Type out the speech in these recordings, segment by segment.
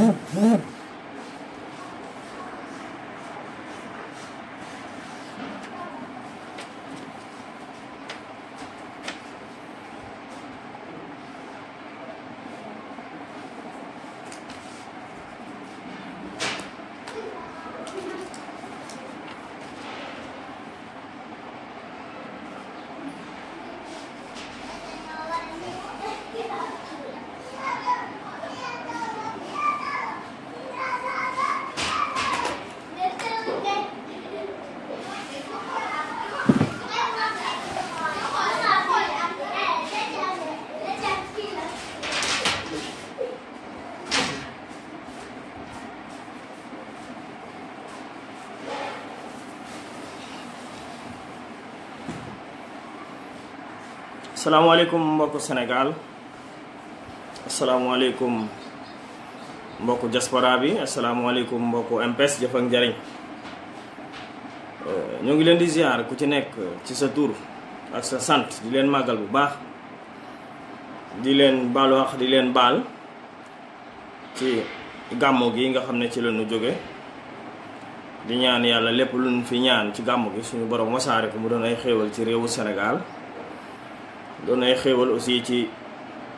Mm-hmm. salaamaaleykum mbokku Sénégal asalaamaaleykum mbokk diaspora bi asalaamaaleykum mbokk MPES jëf ak njariñ euh, ñoo ngi leen di ziar ku ci nekk ci sa tuur ak sa sant di leen màggal bu baax di leen baalu wax di leen baal ci gàmmu gi nga xam ne ci la ñu jóge di ñaan yàlla lépp lu ñu fi ñaan ci gàmmu gi suñu borom wasaare ko mu doon ay xéewal ci réewu senegaal doon nay xéewal aussi ci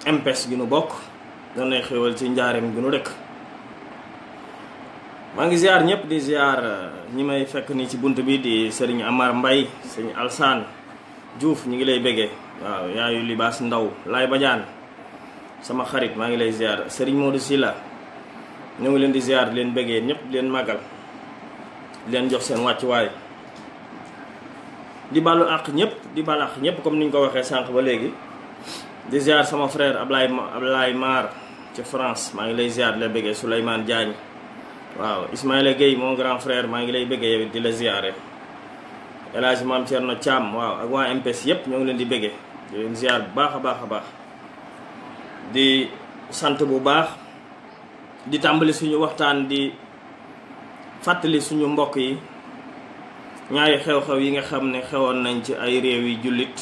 MPES gi nu bokk doon nay xéewal ci njaareem gi nu dëkk maa ngi ziar ñëpp di ziar euh, ñi may fekk ni ci bunt bi di sëriñ Amar Mbay Serigne Alsaan Diouf ñu ngi lay béggee waaw yaayu libaas ndaw laay bajaan sama xarit maa ngi lay ziar Serigne Modou Silla ñoo ngi leen di ziar leen bëggee ñëpp leen magal di leen jox seen wàccuwaay di baalu àq ñëpp di baalu àq ñëpp comme ni ñu ko waxee sànq ba léegi di ziar sama frère Ablaye Ablaye Mar ci France maa ngi lay ziar di la bëggee Souleymane Diagne waaw Ismaïla Gueye mon grand frère maa ngi lay bëggee di la ziare El Hadj Mame Thierno Thiam waaw ak waa MPS yëpp ñoo ngi leen di bëggee di leen ziar bu baax a baax a baax di sant bu baax di tàmbali suñu waxtaan di fàttali suñu mbokk yi. ñaari xew-xew yi nga xam ne xewoon nañ ci ay réew yi jullit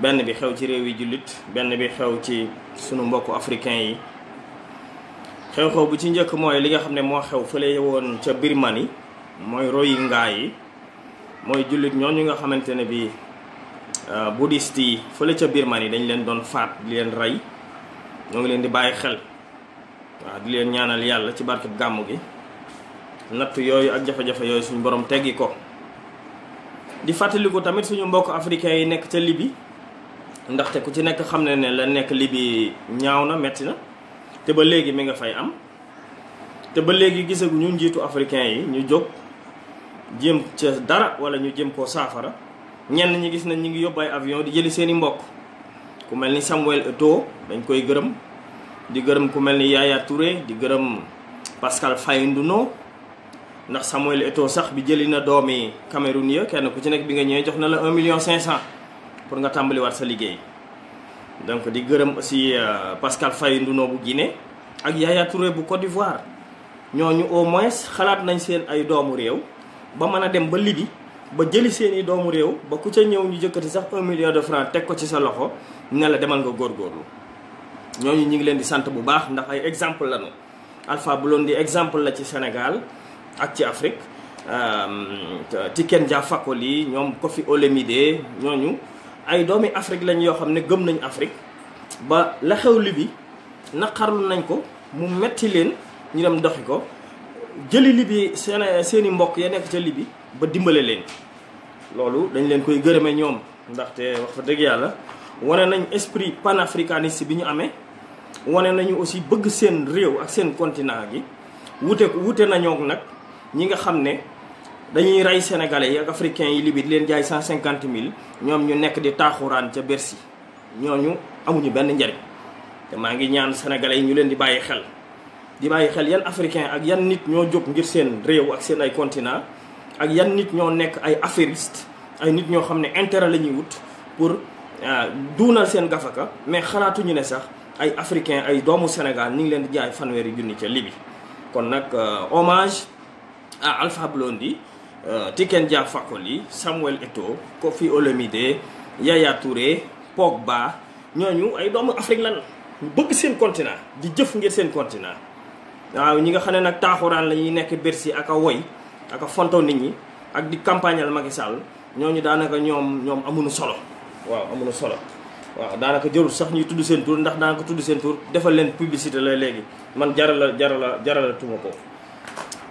benn bi xew ci réew yi jullit benn bi xew ci sunu mbokku africain yi xew-xew bu ci njëkk mooy li nga xam ne moo xew fële woon ca Birmanie mooy Rohingya yi mooy jullit ñooñu nga xamante ne bi euh, bouddhiste yi fële ca Birmanie dañ leen doon faat di leen rey moo ngi leen di bàyyi xel waaw di leen ñaanal yàlla ci barkeb gàmmu gi natt yooyu ak jafe-jafe yooyu suñu borom teggi ko di fàttaliku tamit suñu mbokk africain yi nekk ca Libye ndaxte ku ci nekk xam ne ne la nekk Libye ñaaw na metti na te ba léegi mi nga fay am te ba léegi ñu njiitu africain yi ñu jóg jëm ca dara wala ñu jëm koo saafara ñenn ñi gis na ñu ngi yóbbu ay avion di jëli seeni mbokk ku mel ni Samuel Eto'o dañ koy gërëm di gërëm ku mel ni Yaya Touré di gërëm Pascal Fahindouno ndax Samuel eto sax bi jëli na doomi Cameroun ya kenn ku ci nekk bi nga ñëwee jox na la 1 million 500 pour nga tàmbali war sa liggéey donc di gërëm aussi euh, Pascal Faye Nduno bu Guinée ak Yaya Touré bu Côte d'Ivoire ñooñu au moins xalaat nañ seen ay doomu réew ba mën a dem ba Libye ba jëli seen doomu réew ba ku ca ñëw ñu jëkkati sax 1 million de francs teg ko ci sa loxo ne la demal nga góorgóorlu ñooñu ñu ngi leen di sant bu baax ndax ay exemple lañu Alpha Blondy exemple la ci Sénégal ak ci Afrique Tiken euh, Jah Fakoly ñoom Koffi Olomide ñooñu ay doomi Afrique lañ yoo xam ne gëm nañu Afrique ba la xew li bi nañ ko mu metti leen ñu dem doxi ko jëli li bi seen seen i mbokk ya nekk ca li bi ba dimbale leen loolu dañ leen koy gërëme ñoom ndaxte wax fa dëgg yàlla wane nañ esprit panafricaniste bi ñu amee wane nañu aussi bëgg seen réew ak seen continant gi wute wute nañoo nag ñi nga xam ne dañuy rey sénégalais yi ak africains yi libi di leen jaay cent cinquante mille ñoom ñu nekk di taaxuraan ca Bercy ñooñu amuñu benn njariñ te maa ngi ñaan sénégalais yi ñu leen di bàyyi xel di bàyyi xel yan africain ak yan nit ñoo jóg ngir seen réew ak seen ay continent ak yan nit ñoo nekk ay affairiste ay nit ñoo xam ne intérêt la ñuy wut pour euh, duunal seen gafaka mais xalaatuñu ne sax ay africain ay doomu Sénégal ñu ngi leen di jaay fanweeri junni ca Libi kon nag euh, hommage alpha blondi euh, tiken dia fakoli samuel eto kofi olomide yaya touré pogba ñoñu ay doomu afrique lan bëgg seen continent di jëf ngir seen continent waaw ñi nga xamné nak nag lañuy la nekk bersi ak a woy ak a fonto nit ñi ak di campagnal Macky Sall ñooñu daanaka ñom ñom amuñu solo waaw amuñu solo waaw daanaka jërul sax ñuy tuddu seen tour ndax daanaka tuddu seen tour defal leen publicité la légui man jarala jarala jarala tuma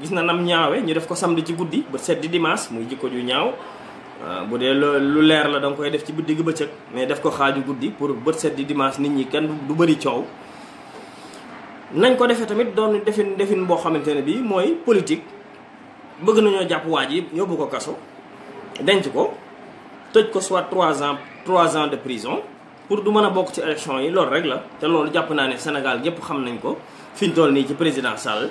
gis na nam ñaawe ñu def ko samedi ci guddi ba set di dimanche muy jikko ju ñaaw ah, bu dee lu leer la da nga koy def ci digg bëccëg mais def ko xaaju guddi pour bët set di dimanche nit ñi kenn du bëri coow nañ ko defee tamit doon defin defin boo xamante ne bii mooy politique bëgg nañoo jàpp waa ji yóbbu ko kaso denc ko tëj ko soit trois ans trois ans de prison pour du mën a bokk ci élection yi loolu rek la te loolu jàpp naa ne Sénégal yépp xam nañ ko fi ñu nii ci président Sall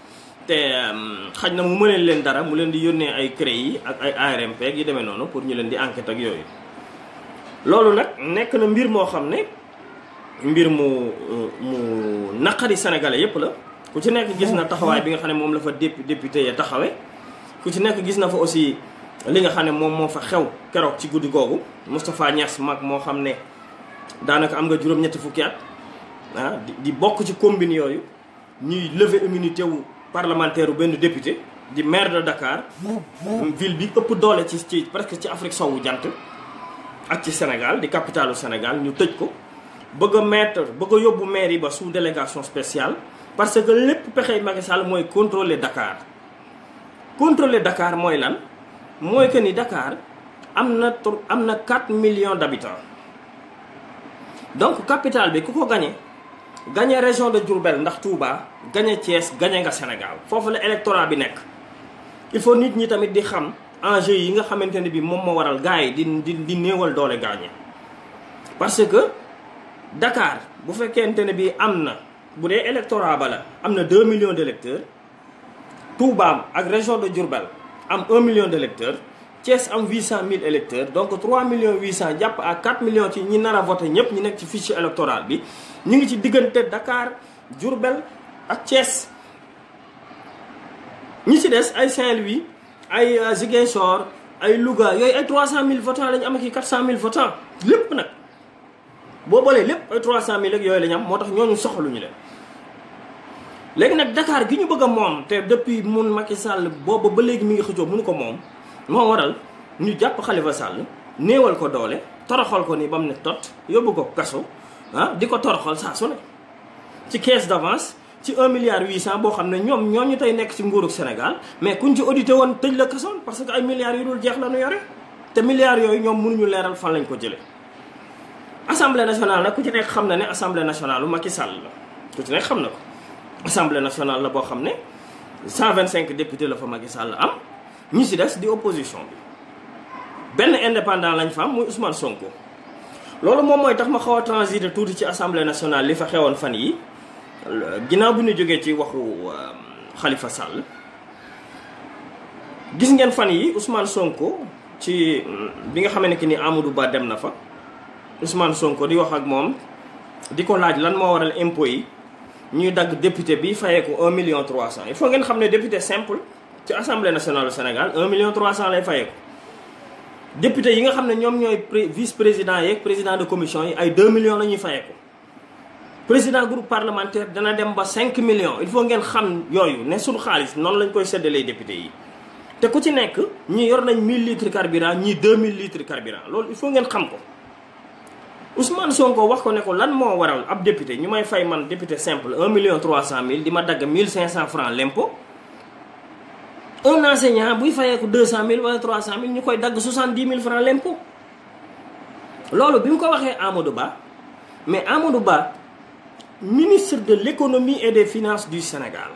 té xajna mu mënel len dara mu len di yónnee ay créy ak ay ARMP ak yi démé noonu pour ñu len di enquête ak yoy lolu nak nek na mbir mo xamné mbir mu mu nakari sénégalais yépp la ku ci nek gis na taxaway bi nga xamné ne la fa député ya taxawé ku ci nek gis na fa aussi li nga xamné ne moom fa xew keroog ci goudi gogou Moustapha Niass mak mo xamné danaka am nga juroom ñett fukki at ah di bok ci combine yooyu ñuy lever immunité wu parlementaire ou de député du maire de Dakar ville bi presque Afrique Saoudienne... jant ci Sénégal capitale du Sénégal Nous mettre sous délégation spéciale parce que le moi contre contrôler Dakar contrôler Dakar là, que ni Dakar A 4 millions d'habitants... donc capitale bi ku la région de Diourbel ndax Touba gagné Thiès gagner nga Sénégal fofu les bi il faut nit ñi tamit di xam enjeu yi nga bi di parce que Dakar bu fekkente a bi électorat la 2 millions d'électeurs, Touba région de Djourbel am 1 million d'électeurs, Thiès am 800000 électeurs donc 3 millions cent jàpp à 4 millions ci ñi nar a voté ñëpp ñi nekk ci fichier électoral bi ñu ngi ci diggante dakaar jurbel ak Thiès. ñi ci des ay Saint-Louis ay euh, Ziguinchor ay Louga yooyu ay 300000 votants la ñu am ak i 400000 votants lépp nag boo boolee lépp ay 300000 ak yooyu la am moo tax ñooñu soxaluñu leen. léegi nag Dakar gi ñu bëgg a moom te depuis mun Macky Sall booba ba léegi mi ngi xëccoo mënu ko moom. moo waral ñu jàpp Khalifa Sall néewal ko doole toroxal ko ni ba mu ne tot yóbbu ko kaso ah di ko toroxal saa su ne ci caisse d'avance ci 1 milliard 800 boo xam ne ñoom ñoo ñu tey nekk ci nguurug Sénégal mais kuñ ci audité woon tëj la kasoon parce que ay milliards yu dul jeex la ñu yore te milliards yooyu ñoom mënuñu leeral fan lañ ko jëlee. assemblée nationale nag ku ci nekk xam na ne assemblée nationale lu Macky Sall la ku ci xam na ko assemblée nationale la boo xam ne 125 députés la fa Macky Sall am. ñi si des di opposition bi benn indépendant lañ fa am muy Ousmane Sonko. loolu moom mooy tax ma xaw a transiter tuuti ci assemblée nationale li fa xewoon fan yi ginnaaw bi nu jógee ci waxu xalifa euh, sàll gis ngeen fan yi Ousmane Sonko ci bi nga xamante ni Amadou Ba dem na fa Ousmane Sonko di wax ak moom di ko laaj lan moo waral impôt yi ñuy dagg député bi fayee ko 1 million 300 il faut ngeen xam ne député simple. L'Assemblée nationale du Sénégal 1 million 300 lay Les députés, yi nga vice président président de commission yi ay 2 millions lañuy président groupe parlementaire dana dem ba 5 millions il faut ngeen xam ne xaliss non lañ koy 000 yi. ku ci yor nañ 1000 litres carburant ñi 2000 litres carburant il faut ngeen xam ko Ousmane Sonko wax ko ne ko lan waral ab député ñu may fay député simple 1 million 300 mille 1500 francs l'impôt un enseignant il faut 200 200 300 ou 300 000, 70 000 francs. 70 000 francs l'impôt loolu bi mais Amadou ministre de l'économie et des finances du Sénégal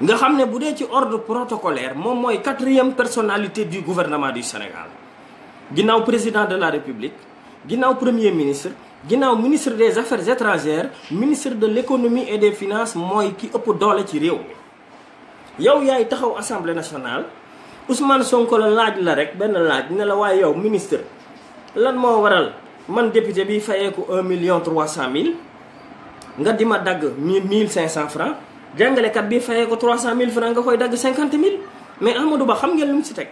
nga xam que ordre protocolaire la la quatrième personnalité du gouvernement du Sénégal le président de la République le premier ministre le ministre des affaires étrangères ministre de l'économie et des finances qui ki ëpp dans ci yow yaay taxaw assemblée nationale Ousmane Sonko la laaj la rek benn laaj ne la waaye yow ministre lan moo waral man député bi fayeeku un million trois cent mille nga di ma dagg mille cinq cent francs jàngalekat bi fayee ko trois cent mille francs nga koy dagg cinquante mille mais Amadou Ba xam ngeen lu mu si teg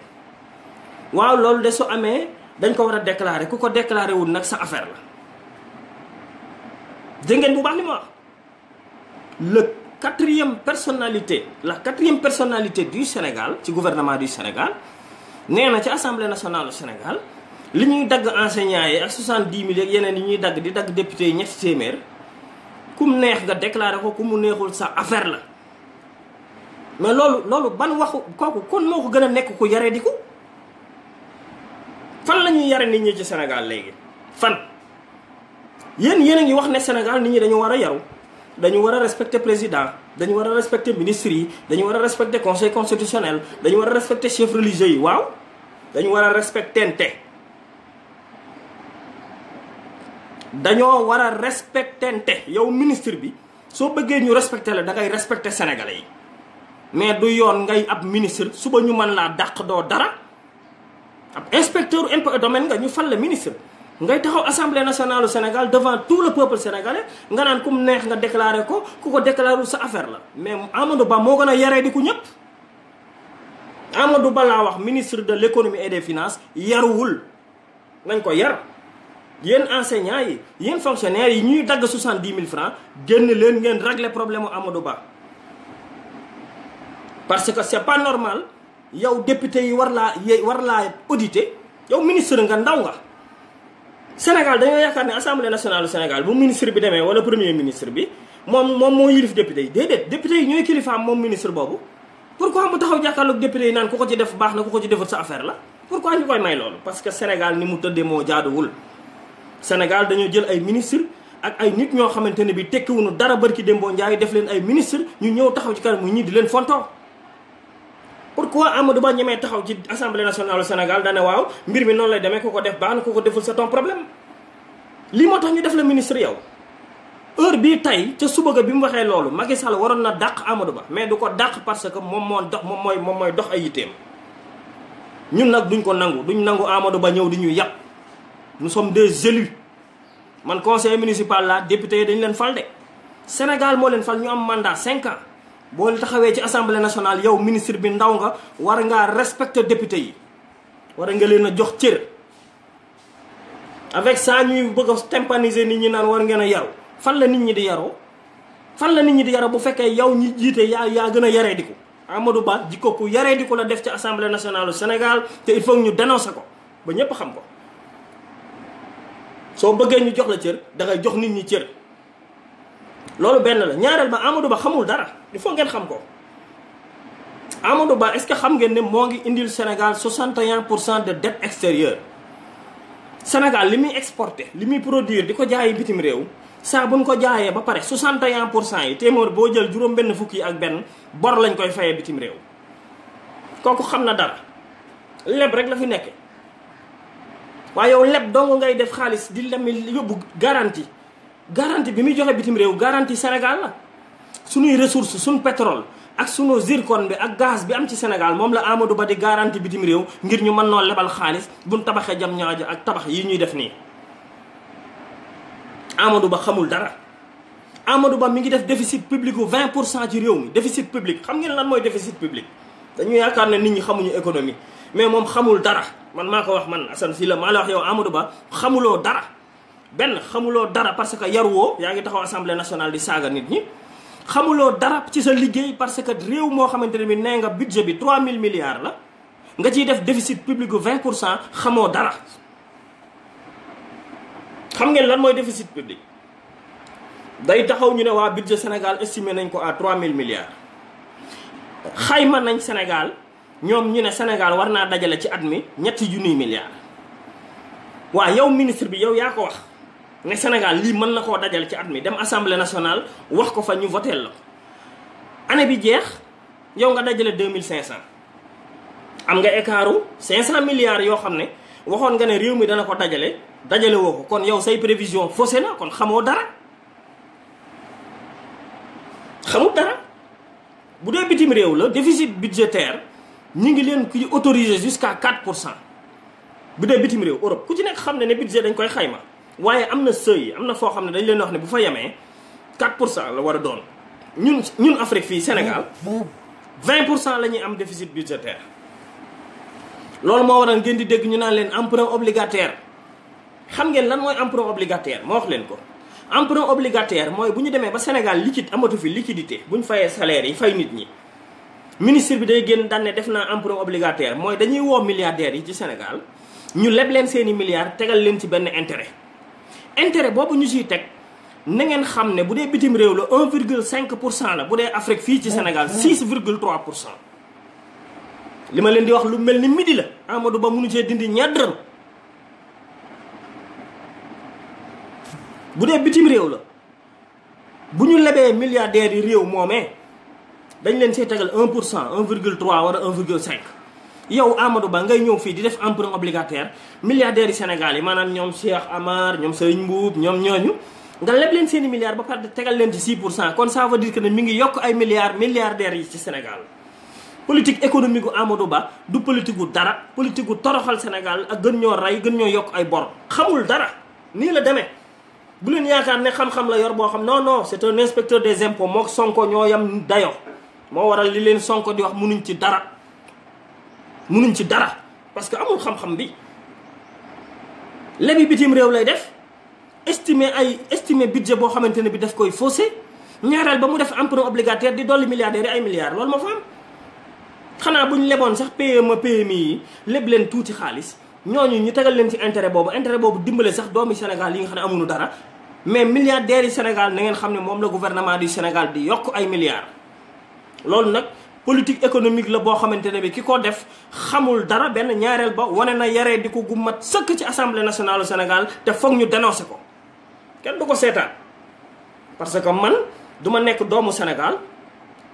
waaw loolu de su amee dañ ko war a déclarer ku ko déclaré wul nag sa affaire la dégg bu baax li ma wax quatrième personnalité la quatrième personnalité du Sénégal du gouvernement du Sénégal nee na ci assemblée nationale du Sénégal li ñuy dagg enseignants yi ak 70 mille ak yeneen di député yi ñetti téeméer ku mu neex nga déclaré ko ku mu neexul sa affaire la mais lolo lolo ban waxu kooku kon moko gëna nek ko nekk ku fan lañuy ñuy yare nit ñi ci Sénégal légui fan yeen yeen a ngi wax ne Sénégal nit ñi dañu wara a yaru dañu war a respecter président dañu war a respecter ministre yi dañu war a respecter conseil constitutionnel dañu war a respecter chef religieux yi waaw dañu war a respectente dañoo war a respectente yow ministre bi soo bëggee ñu respecter la da ngay respecter sénégalais yi mais du yoon ngay ab ministre suba ñu mën laa dàq doo dara ab inspecteur impôts et domaines nga ñu fal la ministre été taxaw assemblée nationale au Sénégal devant tout le peuple sénégalais nous avons déclaré déclaré ko déclaré affaire mais Amadou Ba Amadou Ba ministre de l'économie et des finances que enseignants yi fonctionnaires yi ñuy dit que francs que leen règle régler problème Amadou Ba parce que c'est pas normal yow député yi war nous audité. ministre Sénégal dañoo yaakaar ne assemblée nationale du Sénégal bu ministre bi demee wala premier ministre bi moom moom moo yilif député yi déedéet député yi ñooy kilifaam moom ministre boobu. pourquoi mu taxaw jàkkaarloog député yi naan ku ko ci def baax na ku ko ci defut sa affaire la pourquoi ñu koy may loolu parce que Sénégal ni mu tëddee moo jaaduwul. Sénégal dañoo jël ay ministre ak ay nit ñoo xamante ne bi tekkiwuñu dara barki Demba Ndiaye def leen ay ministre ñu ñëw taxaw ci kanam ñii di leen fontoo pourquoi Amadou Ba ñemee taxaw ci assemblée nationale du Sénégal dane waw mbir mi non lay démé koko def baana koko deful c'est ton problème li mo tax ñu def la ministre yow heure bi tay ci suba ga bimu waxé lolu Macky Sall waron na dakk Amadou Ba mais duko dakk parce que mom mo dox mom moy mom moy dox ay yitém ñun nak duñ ko nangu duñ nangu Amadou Ba ñëw di ñu yapp nous sommes des élus man conseil municipal la député dañ leen fal de Sénégal mo leen fal ñu am mandat 5 ans boo taxawee ci assemblée nationale yow ministre bi ndaw nga war ngaa respecter député yi war nga leen a jox cër avec ça ñuy bëgg a tympaniser nit ñi naan war ngeen a yaru fan la nit ñi di yaroo fan la nit ñi di yaroo bu fekkee yow ñi jiite yaa yaa gën a yaree di ko Amadou Ba jikko ku yaree di ko la def ci assemblée nationale du Sénégal te il faut ñu dénoncer ko ba ñëpp xam ko soo bëggee ñu jox la cër da jox nit ñi cër. loolu benn la ñaareel ba Amadou Ba xamul dara il faut ngeen xam ko Amadou Ba est-ce que xam ngeen ne moo ngi indil Sénégal 61 pour cent de dette extérieure Sénégal li muy exporté li muy produire di ko jaayi bitim réew saa buñ ko jaayee ba pare 61 pour cent yi téeméer boo jël juróom benn fukk ak benn bor lañ koy fayee bitim réew kooku xam na dara leb rek la fi nekk waaye yow leb dong ngay def xaalis di lemi yóbbu garantie garantie bi mi joxe bitim rew garantie senegal la sunuy ressource suñu pétrole ak suñu zircon bi ak gaz bi am ci senegal mom la Amadou badi garantie bitim rew ngir ñu mën lebal xaalis buñ tabaxé jam ñaajo ak tabax yi ñuy def ni Amadou Ba xamul dara Amadou Ba mi ngi def déficit public 20 ci rew mi déficit public xam ngeen lan moy déficit public dañu yaakaar ne nit ñi xamuñu économie mais mom xamul dara man mako wax man asan si la mala wax yow Amadou Ba xamulo dara ben xamulo dara parce que yarwo yaa ngi taxaw assemblée nationale di saga nit ñi xamulo dara ci sa liggéey parce que réew moo xamante ne nga budget bi 3000 milliards la nga ci def déficit public 20 xamoo dara xam ngeen lan mooy déficit public day taxaw ñu ne waa budget Sénégal estimé nañ ko à 3000 milliards xayma nañ Sénégal ñoom ñu ne Sénégal war naa dajale ci at mi ñetti junniy milliards waa yow ministre bi yow yaa ko wax ne Sénégal li man na dajal ci atmi dem assemblée nationale wax ko fa ñu voter la année bi jeex yow nga dajale 2500 am nga écart 500 milliards yo xamné ne nga né réew mi dana ko dajale dajale woko kon yow say prévision fausé na kon xamoo dara xamul dara bu dé bitim réew la déficit budgétaire ñi ngi leen ki autorisé jusqu'à 4 bu dé bitim réew Europe ku ci nekk xamné né budget dañ koy xayma waaye am na seuil am na foo xam ne dañ leen wax ne bu fa yemee 4 pour cent la war a doon ñun ñun Afrique fii Sénégal 20 pour cent la ñuy am déficit budgétaire loolu moo waral ngeen di dégg ñu naa leen emprunt obligataire xam ngeen lan mooy emprunt obligataire ma wax leen ko emprunt obligataire mooy bu ñu demee ba Sénégal liquide amatu fi liquidité bu ñu fayee salaire yi fay nit ñi ministre bi day génn daan ne def naa emprunt obligataire mooy dañuy woo milliardaires yi ci Sénégal ñu leb leen seeni milliards tegal leen ci benn intérêt intérêt boobu ñu siy teg na ngeen xam ne bu dee bitim réew la un virgule cinq pour cent la bu dee Afrique fii ci Sénégal 6 virgule 3 pour cent li ma leen di wax lu mel ni midi la Amadou Ba munu cee dindi ñaar bu dee bitim réew la bu ñu lebee milliardaires yi réew moomee dañ leen see tegal 1 pour cent un virgule 3 wala 1 virgule 5 yow amadou ba ngay ñew fi di def emprunt obligataire milliardaire yi sénégal yi manam ñom cheikh amar ñom sëriñ mboub ñom ñooñu nga leb leen seen milliard ba part tegal leen ci 6 kon ça veut dire que ne mi ngi yok ay milliards milliardaires yi ci sénégal politique économique amadou ba du politique du dara politique du toroxal sénégal ak gën ñoo ray gën ñoo yok ay bor xamul dara ni la démé bu leen yaakaar ne xam-xam la yor boo xam non non c' est un inspecteur des impôts mook sonko ñoo yam dayo moo waral li leen sonko di wax munuñ ci dara munuñ ci dara parce que amul xam-xam bi lebi bitim réew lay def estimer ay estimer budget boo xamante ne bi daf koy faussé ñaareel ba mu def emprunt obligataire di dolli milliardaires yi ay milliards loolu moo fa am xanaa bu ñu leboon sax ma PMI mi leb leen tuuti xaalis ñoo ñu ñu tegal leen ci intérêt boobu intérêt boobu dimbale sax doomi Sénégal yi nga xam ne amuñu dara mais milliardaires yi Sénégal na ngeen xam ne moom la gouvernement du Sénégal di yokk ay milliards loolu nag. politique économique la bo xamante ne bi ki def xamul dara ben ñaarel ba wane na yaree di ko mat ci assemblée nationale Sénégal té foog ñu dénoncé ko kenn duko ko parce que man duma nek doomu Sénégal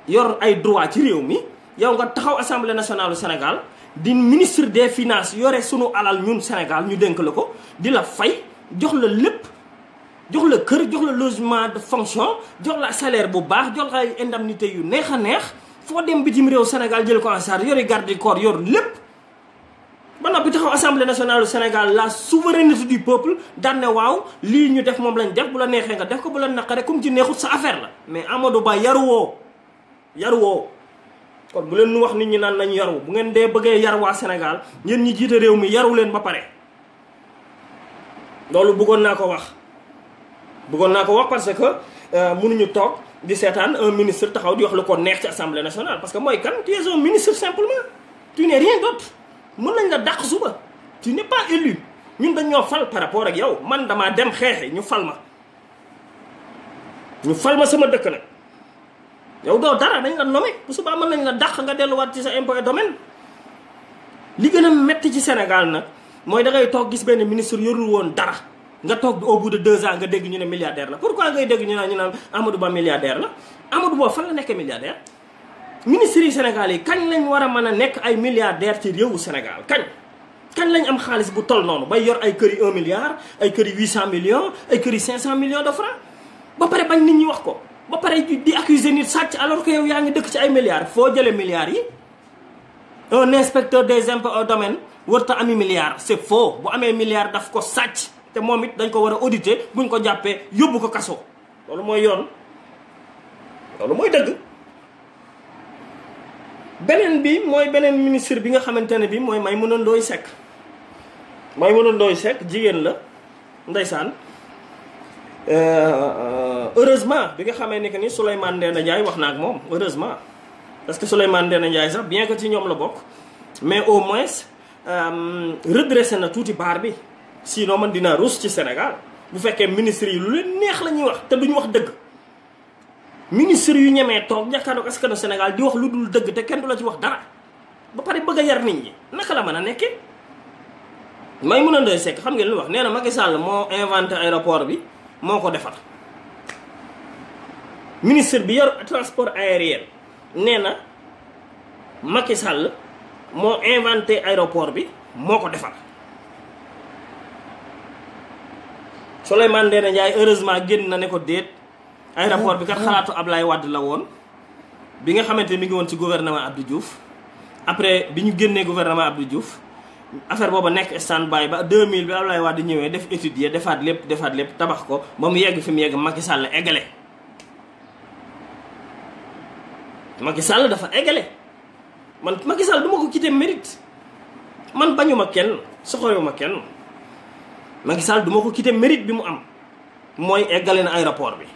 yor ay droit ci réew mi yow nga taxaw assemblée nationale Sénégal di ministre des finances yoré sunu alal ñun Sénégal ñu dénk la ko di la fay jox la lepp jox la kër jox la logement de fonction jox la salaire bu baax jox la indemnité yu neex neex fo dem bitim rew senegal jël ko asar yori garde corps yor lepp ba noppi taxaw assemblée nationale du senegal la souveraineté du peuple dané ne li ñu def mom lañ def bu la nexé nga def ko bu la naqaree kum ci nexut sa affaire la. mais Amadou Ba yarwo yaruwoo kon bu len nu wax nit ñi nan nañ yaru bu ngeen dé bëggé yar wa senegal ñen ñi jité rew mi yaru len ba pare loolu bëggoon naa ko wax bëggoon naa ko wax parce que euh, ñu tok di seetaan un ministre taxaw di wax lu ko neex ci assemblée nationale parce que mooy kan tu es un ministre simplement tu n'es rien d'autre mën nañ la dàq suba tu n'es pas élu ñun dañ ñoo fal par rapport ak yow man damaa dem xeexe ñu fal ma ñu fal ma sama dëkk nag yow doo dara dañ la nommé bu subaa mën nañ la dàq nga delluwaat ci sa impôt et domaine li gën a metti ci Sénégal nag mooy da toog gis benn ministre yorul woon dara nga toog au bout de deux ans nga dégg ñu ne milliardaire la pourquoi ngay dégg ñu naan ñu naan Amadou Ba milliardaire la Amadou Ba fan la nekkee milliardaire ministres yi Sénégal yi kañ lañ war a mën a nekk ay milliardaire ci réewu Sénégal kañ kañ lañ am xaalis bu toll noonu bay yor ay kër yi un milliard ay kër yi huit cent millions ay kër yi cinq cent millions de francs ba pare bañ nit ñi wax ko ba pare di accuser nit sàcc alors que yow yaa ngi dëkk ci ay milliards foo jëlee milliards yi un inspecteur des impôts et domaines warta ami milliards c'est bu amee milliards daf ko sàcc te momit dañ ko wara auditer buñ ko jappé yobbu ko kasso loolu moy yoon loolu moy deug benen bi moy benen ministre bi nga xamante ne bi mooy Maimouna Ndoye Seck Maimouna Ndoye sek jigen la ndaysan euh, euh heureusement bi nga xamé ni que ni souleyman Ndéné Ndiaye waxna ak mom heureusement parce que souleyman Ndéné Ndiaye sax bien que ci ñom la bok mais au moins euh redresser na touti baar bi sinon man dina rus ci sénégal bu fekkee ministre yi lu leen neex lañuy wax te duñ wax dëgg ministre yu ñakkano est ce que sénégal di wax lu dul dëgg te kenn du la ci wax dara ba pare bëgg yar nit ñi naka la mëna nekké may mëna ndoy sék xam ngeen lu wax néna Macky Sall mo inventé aéroport bi moko ko ministre bi yor transport aérien néna makisal Macky Sall mo inventé aéroport bi moko ko Souleymane Ndéné Ndiaye heureusement génn na ne ko déet aéroport bi kat ah, ah. xalaatu Ablaye Wade la woon bi nga xamante mi ngi woon ci gouvernement Abdou Diouf après bi ñu génnee gouvernement Abdou Diouf affaire booba nekk stand by ba 2000 bi Ablaye Wade ñëwee def étude defaat lépp defaat lépp tabax ko ba mu yegg fi mu yegg Macky Sall eggale Macky dafa eggale man Macky Sall du ma ko quitté mérite man bañu ma kenn soxoyu ma kenn Macky Sall ko quitté mérite bi mu am mooy eggale na aéroport bi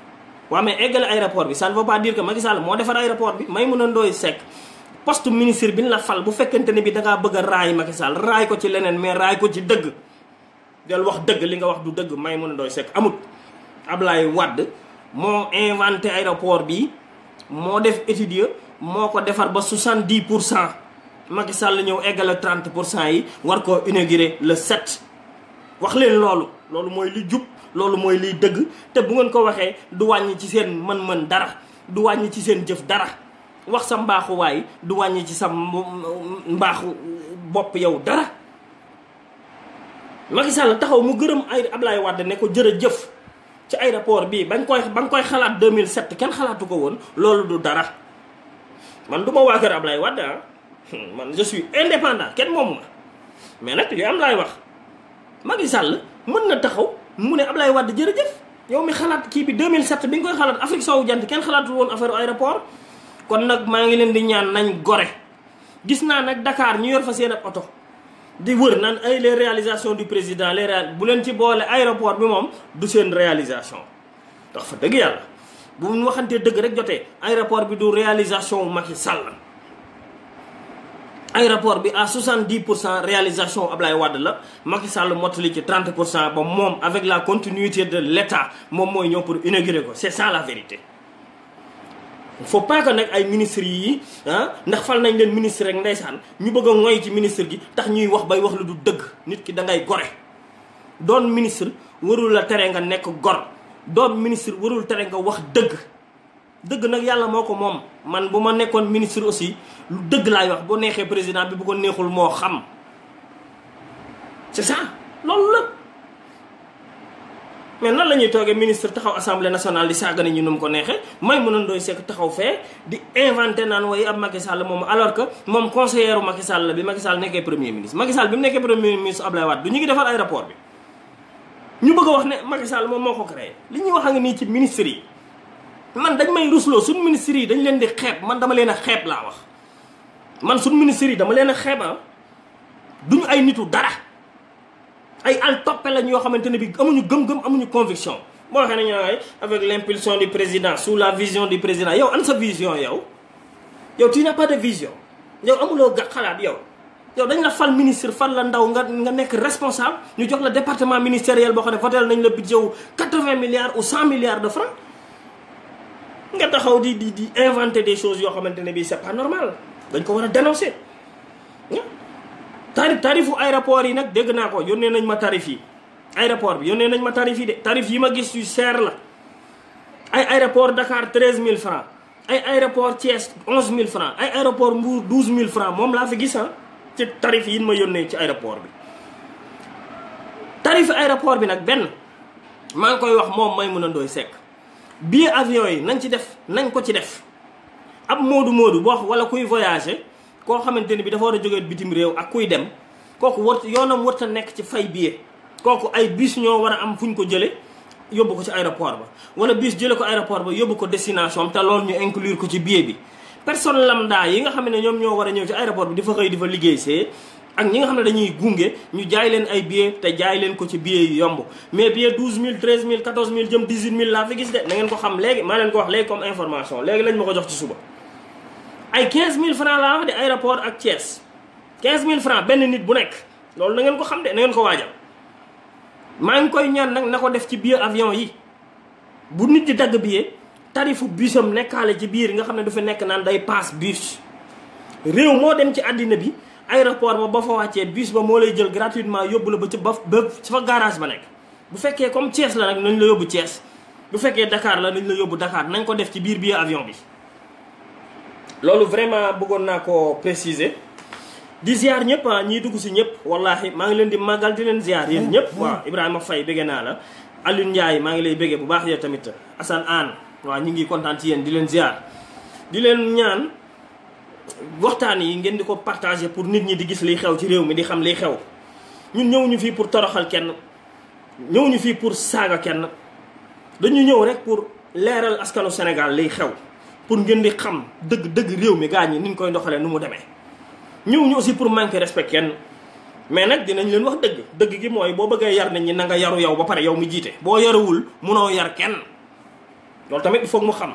waaw mais eggale aéroport bi ça ne veut pas dire que Macky Sall moo defar aéroport bi Maïmouna Ndoye Seck poste ministre bi ñu la fal bu fekkente ne bi da ngaa bëgg a raay Macky Sall raay ko ci leneen mais raay ko ci dëgg dal wax dëgg li nga wax du dëgg may Maïmouna Ndoye Seck amut Ablaye Wade moo inventé aéroport bi moo def étudier moo ko defar ba 70 pour cent Macky la ñëw eggale 30 pour cent yi war koo inauguré le 7 wax leen loolu loolu mooy li jub loolu mooy liy dëgg te bu ngeen ko waxee du wàññi ci seen mën-mën dara du wàññi ci seen jëf dara wax sa mbaaxuwaay du wàññi ci sa mbaaxu bopp yow dara Macky Sall taxaw mu gërëm ay Ablaye Wade ne ko jërëjëf ci aéroport bii bañ koy ba nga koy xalaat 2007 kenn xalaatu ko woon loolu du dara man du ma waa kër Ablaye Wade ah hmm, man je indépendant kenn moom ma mais nag li am laay wax Macky sàll mën na taxaw mu ne Ablaye Wade jërëjëf yow mi xalaat kii bi 2007 bi nga koy xalaat Afrique sow jant kenn xalaatul woon affaire aéroport kon nag maa ngi leen di ñaan nañ gore gis naa nag Dakar ñu yor fa seen ab oto di wër naan ay les réalisations du président les réal bu leen ci boole aéroport bi moom du seen réalisation ndax fa dëgg yàlla bu ñu waxantee dëgg rek jotee aéroport bi du réalisation wu Macky Sall aéroport bi à 70 réalisation Ablaye Wade la Macky Sall mottali ci 30 bon cent ba avec la continuité de l'État mom moy ñoo pour inaugurer ko c'est ça la vérité. il faut pas que nak ay ministre yi ah ndax fal nañ len ministre rek ndeysaan ñu bëgg ngoy ci ministre gi tax ñuy wax bay wax lu du deug nit ki da ngay goré doon ministre warul la tere nga nek gor doon ministre warul tere nga wax deug dëgg nag yàlla moo ko moom man bu ma nekkoon ministre aussi lu dëgg laay wax boo neexee président bi bu ko neexul moo xam c'est ça loolu la mais nan la ñuy toogee ministre taxaw assemblée nationale di saaga ñu nu mu ko neexee may mën a ndooy sekk taxaw fee di inventé naan way ab Macky moom alors que moom conseiller u Macky Sall la bi Macky Sall nekkee premier ministre Macky Sall bi mu nekkee premier ministre Abdoulaye Wade du ñu ngi defar ay bi wax ne Macky moom moo ko créé li ñuy wax a ngi nii ci ministre yi man dañ may rusloo sun ministres dañ leen di xeeb man dama leen a xeeb laa wax man sun ministres dama leen a xeeb ah. duñu ay nitu dara ay al toppe lañ yoo xamante ne bi amuñu gëm-gëm amuñu conviction boo waxee nañu ay avec l'impulsion du président sous la vision du président yow an sa vision yow yow tu n'as pas de vision yow amuloo ga xalaat yow yow dañ la fal ministre fal la ndaw nga nga nekk responsable ñu jox la département ministériel boo xam ne voté nañ la budget wu 80 milliards ou 100 milliards de francs nga taxaw di di di inventer des choses yoo xamante ne bii c'est pas normal dañ ko war a dénoncer tarif tarifu aéroport yi nag dégg naa ko yónnee nañ ma tarif yi aéroport bi yónnee nañ ma tarif yi de tarif yi ma gis yu seer la ay aéroport Dakar treize mille francs ay aéroport Thiès onze mille francs ay aéroport Mbour douze mille francs moom laa fi gis a ah, ci tarif yi ma yónnee ci aéroport bi tarif aéroport bi nag benn maa ngi koy wax moom may mën a ndooy sekk billet avion yi nañ ci def nañ ko ci def ab moodu-moodu boo wax wala kuy voyage koo xamante ni bi dafa war a jógee bitim réew ak kuy dem kooku warut yoonam warut a nekk ci fay billet. kooku ay bus ñoo war a am fu ñu ko jëlee yóbbu ko ci aéroport ba wala bus jëlee ko aéroport ba yóbbu ko destination te loolu ñu inclure ko ci billet bi. personne lambda yi nga xam ne ñoom ñoo war a ñëw ci aéroport bi di fa xëy di fa liggéey see ak ñi nga xam ne dañuy gunge ñu jaay leen ay billets te jaay leen ko ci billets yomb mais billet 12000 13000 14000 jëm 18000 laa fi gis de na ngeen ko xam léegi maa leen ko wax léegi comme information léegi lañ ma ko jox ci suba. ay mille francs laa wax de aéroport ak Thiès mille francs benn nit bu nekk loolu na ngeen ko xam de na ngeen ko waajal maa ngi koy ñaan nag na ko def ci billet avion yi bu nit di dagg billet tarifu busam nekkaale ci biir nga xam ne du nekk naan day paas bus réew moo dem ci àddina bi. aéroport ba ba fa wacce bus ba mo lay jël gratuitement yobbu la ba ci ba ci fa garage ba nek bu fekke comme Thiès la nak nañ la yobbu Thiès bu fekke Dakar la nañ la yobbu Dakar nañ ko def ci biir biir avion bi loolu vraiment bëggon na ko préciser di ziar ñëpp ah, ñi dugg si ñëpp wallahi ma ngi leen di magal di leen ziar yeen ñëpp oh, wa Ibrahima fay bëgg na la Alioune Ndiaye ma ngi lay bëggee bu baax ya tamit Assane an wa ñi ngi ci di leen ziar di leen ñaan waxtaan yi ngeen di ko partager pour nit ñi di gis liy xew ci réew mi di xam liy xew ñun ñëw ñu fii pour toroxal kenn ñëw ñu fii pour saaga kenn dañu ñëw rek pour leeral askanu Sénégal liy xew pour ngeen di xam dëgg dëgg réew mi gaa ñi ni ñu koy doxalee nu mu demee. ñëwuñu aussi pour manquer respect kenn mais nag dinañ leen wax dëgg dëgg gi mooy boo bëggee yar nañ ñi na nga yaru yow ba pare yow mi jiite. boo yaruwul munoo yar kenn loolu tamit il mu xam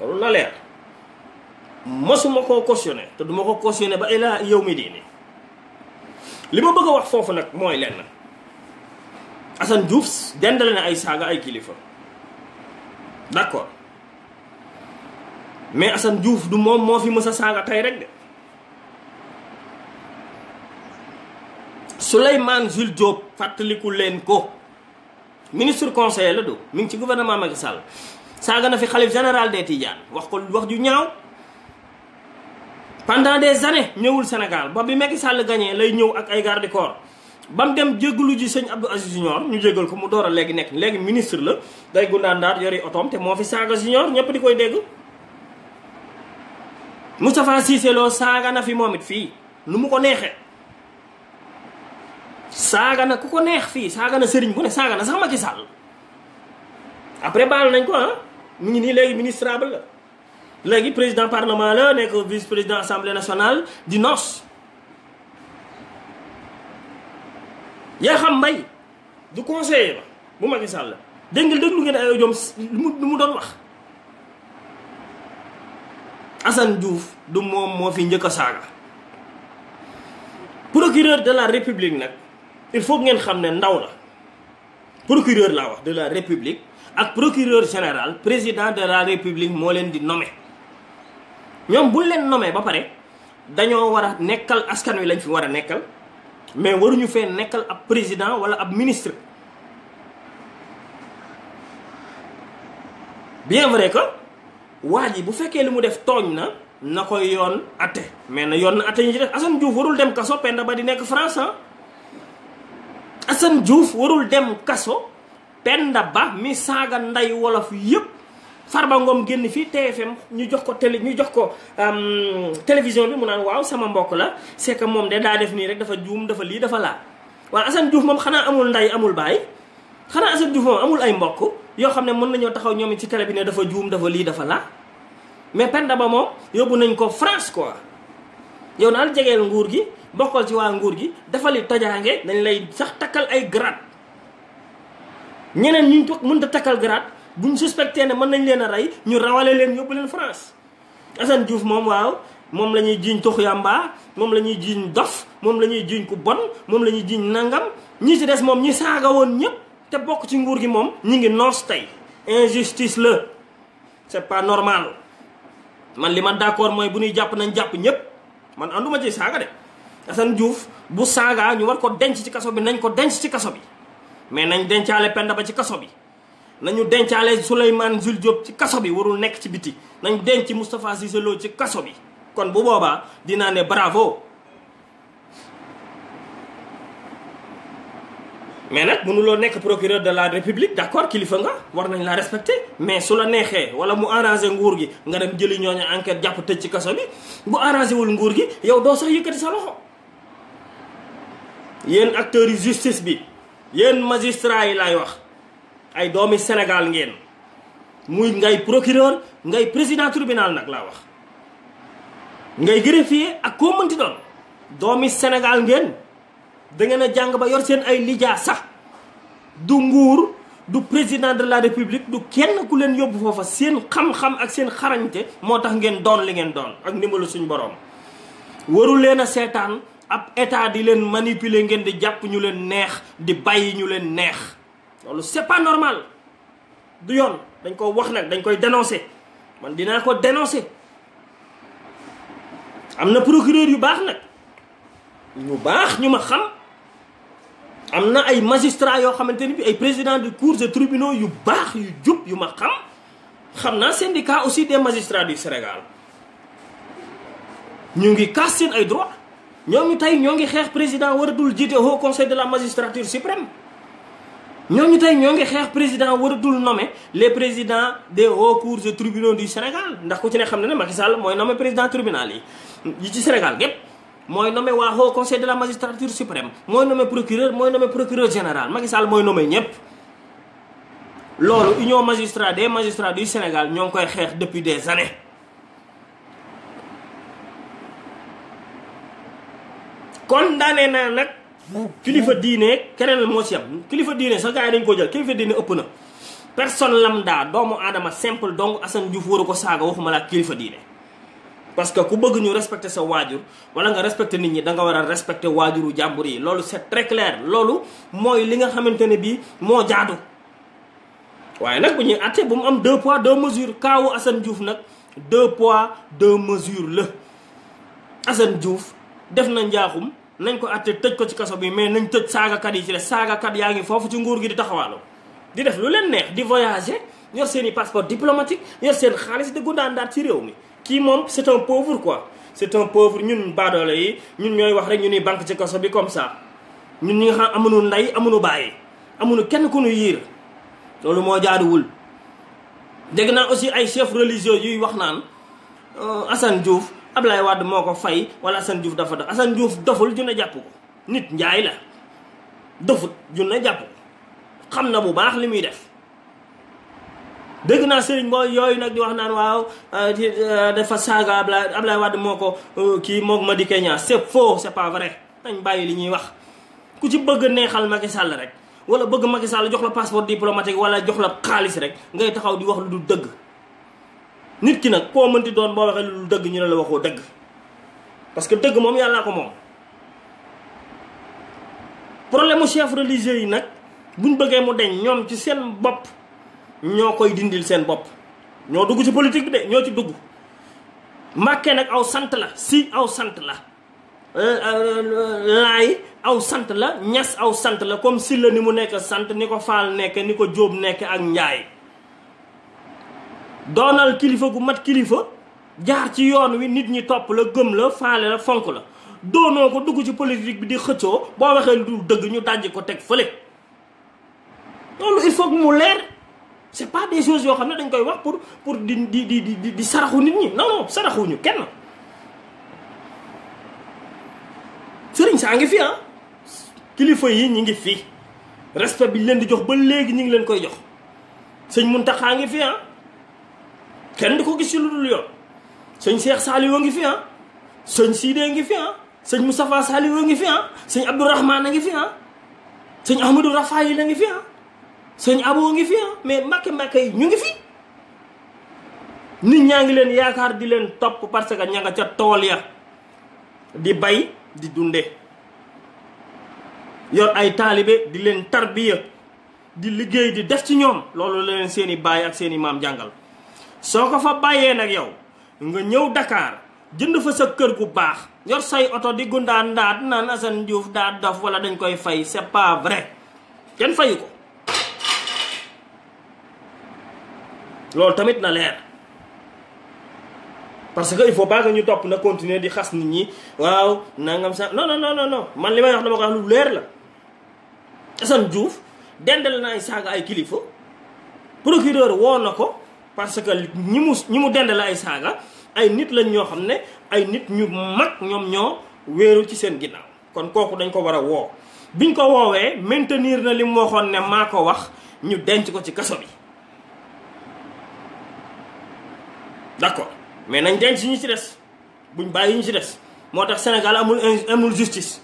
loolu na leer masuma koo cautionné te duma ko cautionné ba ilaa yow mi diini li ma bëgg a wax foofu nag mooy lenn Assane Diouf dendale na ay saaga ay kilifa d'accord mais Assane Diouf du moom moo fi mës a saaga tey rek de Souleymane Jules Diop fàttaliku leen ko ministre conseiller la du mi ngi ci gouvernement Macky Sall saaga na fi xalif général de Tidiane wax ko wax ju ñaaw pendant des années ñëwul senegal ba bi Macky Sall gagné lay ñëw ak ay garde corps ba mu dem jéggalu ji sëñ Abdou Aziz Junior ñu jéggal ko mu dooral a léegi nekk léegi ministre la day gundaan daat yori otoom te moo fi saaga Junior ñëpp di koy dégg Moustapha Cissé Lo saaga na fi moom it fii lu mu ko neexee saaga na ku ko neex fii saaga na sëriñ bu ne saaga na sax Macky Sall après baal nañ ko ah. Nous sommes ministrables. président parlement la vice président l'Assemblée nationale du NOS. du conseiller ba le Diouf procureur de la république il faut que xam ndaw la procureur de la république ak procureur général président de la république moo leen di nommé ñoom buñ leen nommé ba pare dañoo war a nekkal askan wi lañ fi war a nekkal mais waruñu fee nekkal ab président wala ab ministre bien vrai que waa ji bu fekkee li mu def tooñ na na ko yoon atte mais na yoon na atte ñu def Assane Diouf warul dem kaso Penda Ba di nekk France ah. Assane Diouf warul dem kaso penda ba mi saga nday wolof yep farba ngom genn fi tfm ñu jox ko télé ñu jox ko télévision bi mu nan waaw sama mbokk la c'est que mom de da def ni rek dafa joom dafa li dafa la wala asan djouf mom xana amul nday amul bay. xana asan djouf mom amul ay mbokk yo xamne mën nañu taxaw ñom ci télé bi ne dafa joom dafa li dafa la mais penda ba mom yobu nañ ko france quoi yow nal jégel nguur gi bokol ci wa nguur gi dafa li tojaange dañ lay sax takal ay grade ñeneen ñu tok mën ta takal grade buñ suspecté ne mën nañ leen a rey ñu rawale leen yóbbu leen france assane diouf moom waaw moom la ñuy jiñ toxu yamba moom la ñuy jiñ dof moom la ñuy jiñ ku bon moom la ñuy jiñ nangam ñi ci des moom ñi saaga woon ñëpp te bokk ci nguur gi moom ñi ngi noos tey injustice la c'est pas normal man li ma d'accord mooy bu ñuy jàpp nañ jàpp ñëpp man anduma ci saaga de assane diouf bu saaga ñu war ko denc ci kaso bi nañ ko denc ci kaso bi mais nañ dencaale Penda ba ci kaso bi nañu dencaale Souleymane Jules Diop ci kaso bi warul nekk ci biti nañ denc Moustapha Cissé Lo ci kaso bi kon bu boobaa dinaa ne bravo mais nag mënuloo nekk procureur de la république d' accord kilifa nga war nañ la respecté mais su la neexee wala mu arrangé nguur gi nga dem jëli ñooñu enquête jàpp tëj ci kaso bi bu arrangé wul nguur gi yow doo sax yëkkati sa loxo yéen acteurs yi justice bi yéen magistrat yi laay wax ay doomi Sénégal ngeen muy ngay procureur ngay président tribunal nag laa wax ngay greffier ak koo mënti doon doomi Sénégal ngeen dangeen a jàng ba yor seen ay lijaa sax du nguur du président de la république du kenn ku leen yóbbu foofa seen xam-xam ak seen xarañte moo tax ngeen doon li ngeen doon ak ndimbalu suñu boroom waru leen a seetaan ab état di len manipuler ngeen di japp ñu len neex di bayyi ñu len neex lolu c'est pas normal du yoon dañ ko wax nak dañ koy dénoncer man dina ko dénoncer amna procureur yu bax nak ñu bax ñu ma xam amna ay magistrat yo, xamanteni bi ay président de cours et tribunaux yu bax yu jup yu ma xam xamna syndicat aussi des magistrats du Sénégal ñu ngi kaas ay droits Nous avons dit que le président pas être au conseil de la magistrature suprême Nous sommes dit que le président nommé les présidents des hauts cours et tribunaux du Sénégal ndax ku ci ne xam Macky Sall président tribunal du Sénégal Je suis nommé au haut conseil de la magistrature suprême suis nommé procureur suis nommé procureur général Macky Sall est nommé Lors, l'union union magistrat des magistrats du Sénégal Nous koy depuis des années kon ndaanee naa nag ah, kilifa diine keneen moo ci yam kilifa diine sa gars yi dañ koo jël kilifa diine ëpp na personne lambda doomu aadama simple donc Assane Diouf war a ko saaga waxuma la kilifa diine parce que ku bëgg ñu respecter sa waajur wala nga respecter nit ñi da nga war a respecter waajuru jàmbur yi loolu c'est très clair loolu mooy li nga xamante ne bii moo jaadu waaye nag bu ñuy àttee bu mu am deux poids deux mesures kaawu Assane Diouf nag deux poids deux mesures la Assane Diouf def na njaaxum nañ ko atté tejj ko ci kasso bi mais nañ saga kat yi ci saga kat yaangi fofu ci nguur gi di taxawalo di def lu len neex di voyager ñor seen passeport diplomatique ñor seen xaalis de gundaan dar ci réew mi kii moom c' un pauvre quoi c'est un pauvre ñun baadoole yi ñun ñoy wax rek ñu ni banque ci kasso bi comme ça ñun ñi amunu nday amunu baye amunu kenn ku ñu yir lolu mo jaaduwul dégg naa aussi ay chef religieux yu wax euh Assane Diouf ablay wad moko fay wala Assane Diouf dafa dof Assane Diouf doful junne japp ko nit njaay la dofut junne japp xamna bu bax limuy def deug na serigne boo yoy nak di wax nan waaw euh, euh, dafa saga ablay wad moko euh, ki mok ma di Kenya c'est faux c'est pas vrai dañ baye li ñuy wax ku ci bëgg neexal Macky Sall rek wala bëgg Macky Sall jox la passeport diplomatique wala jox la xaalis rek ngay taxaw di wax lu du nit ki nag koo mënti doon boo waxee lu dëgg ñu la la waxoo dëgg parce que dëgg moom yàllaa ko moom problème mu chef religieux yi nag buñ bëggee mu deñ ñoom ci seen bopp ñoo koy dindil seen bopp ñoo dugg ci politique bi de ñoo ci dugg Mbàkke nag aw sant la si aw sant la euh, euh, laay aw sant la ñas aw sant la comme si la ni mu nekk sant ni ko faal nekke ni ko jóob nekke ak njaay doonal kilifa gu mat kilifa jaar ci yoon wi nit ñi topp la gëm la faale la fonk la doonoo ko dugg ci politique bi di xëccoo boo waxee du dëgg ñu dajji ko teg fële loolu il faut que mu leer c'est pas des choses xam ne dañ koy wax pour pour di di di di saraxu nit ñi non non saraxuñu kenn sëriñ saa ngi fi ah kilifa yi ñi ngi fi respect bi leen di jox ba léegi ñu ngi leen koy jox sëñ Muntaxa ngi fi ah kenn du ko gis ci lu dul yoon sëñ cheikh wo ngi fi han ah. seigne sidé ngi fi ah sëñ moustapha wo ngi fi ah sëñ abdourahman ngi fi han ah. seigne ahmadou rafayi ngi fi han ah. seigne abo ngi fi han mais ñu ngi fi nit leen yaakar di leen top parce que ñanga ca tol ya di bay di dundé yor ay talibé di leen tarbiya di liggéey di def ci ñoom loolu la leen seeni baay ak seeni mam jangal soo ko fa bàyyee nag yow nga ñëw dakaar jënd fa sa kër gu baax yor say oto di gundaan ndaat naan Assane Diouf daa dof wala dañ koy fay c'est pas vrai kenn fayu ko loolu tamit na leer parce que il faut pas que ñu topp na continuer di xas nit ñi waaw nangam sax non non non non man li may wax dama ko wax lu leer la Assane juuf dendal na ay saaga ay kilifa procureur woo na ko parce que ñi mu ñi mu dend ay saaga ay nit lañ ñoo xam ne ay nit ñu mag ñoom ñoo wéeru ci seen ginnaaw kon kooku dañ ko war a woo biñ ko woowee maintenir na li mu waxoon ne maa ko wax ñu denc ko ci kaso bi d'accord mais nañ denc ñu ci des buñ bàyyi ñu ci des moo tax Sénégal amul amul justice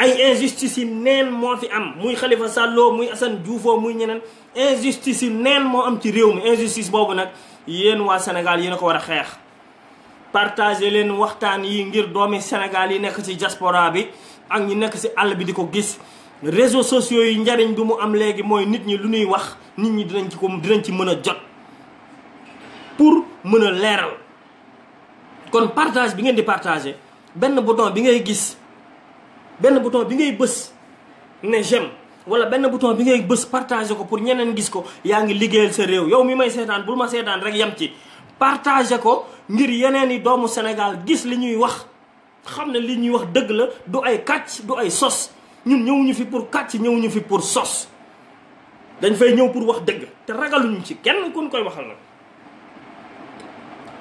ay injustice yi neen moo fi am muy Khalifa Sall muy Assane Diouf muy ñeneen injustice yi neen moo am ci réew mi injustice boobu nag yéen waa Sénégal yéen a ko war a xeex partagé leen waxtaan yi ngir doomi Sénégal yi nekk ci diaspora bi ak ñi nekk ci àll bi di ko gis réseau sociaux yi njariñ bi mu am léegi mooy nit ñi lu ñuy wax nit ñi dinañ ci ko dinañ ci mën a jot pour mën a leeral kon partage bi ngeen di partagé benn bouton bi ngay gis benn bouton bi ngay bës ne j'aime wala benn bouton bi ngay bës partagé ko pour ñeneen gis ko yaa ngi liggéeyal sa réew yow mi may seetaan bul ma seetaan rek yem ci partagé ko ngir yeneen yi doomu Sénégal gis li ñuy wax xam ne li ñuy wax dëgg la du ay kàcc du ay sos ñun ñëwuñu fi pour kàcc ñëwuñu fi pour sos dañ fay ñëw pour wax dëgg te ragaluñu ci kenn kun koy waxal nag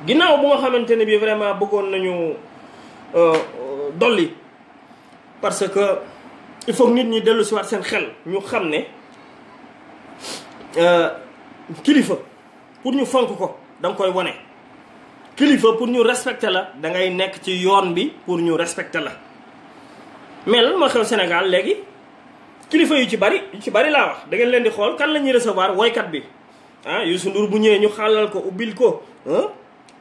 ginnaaw bu nga xamante ne bi vraiment bëggoon nañu euh, dolli parce que il faut nit ñi dellu si waat seen xel ñu xam ne euh, kilifa pour ñu fonk ko danga koy wane kilifa pour ñu respecter la da ngay nekk ci yoon bi pour ñu respecter la mais la moo xew Sénégal léegi kilifa yu ci bari yu ci bari laa wax da ngeen leen di xool kan la ñuy recevoir woykat bi ah Youssou bu ñëwee ñu xàllal ko ubbil ko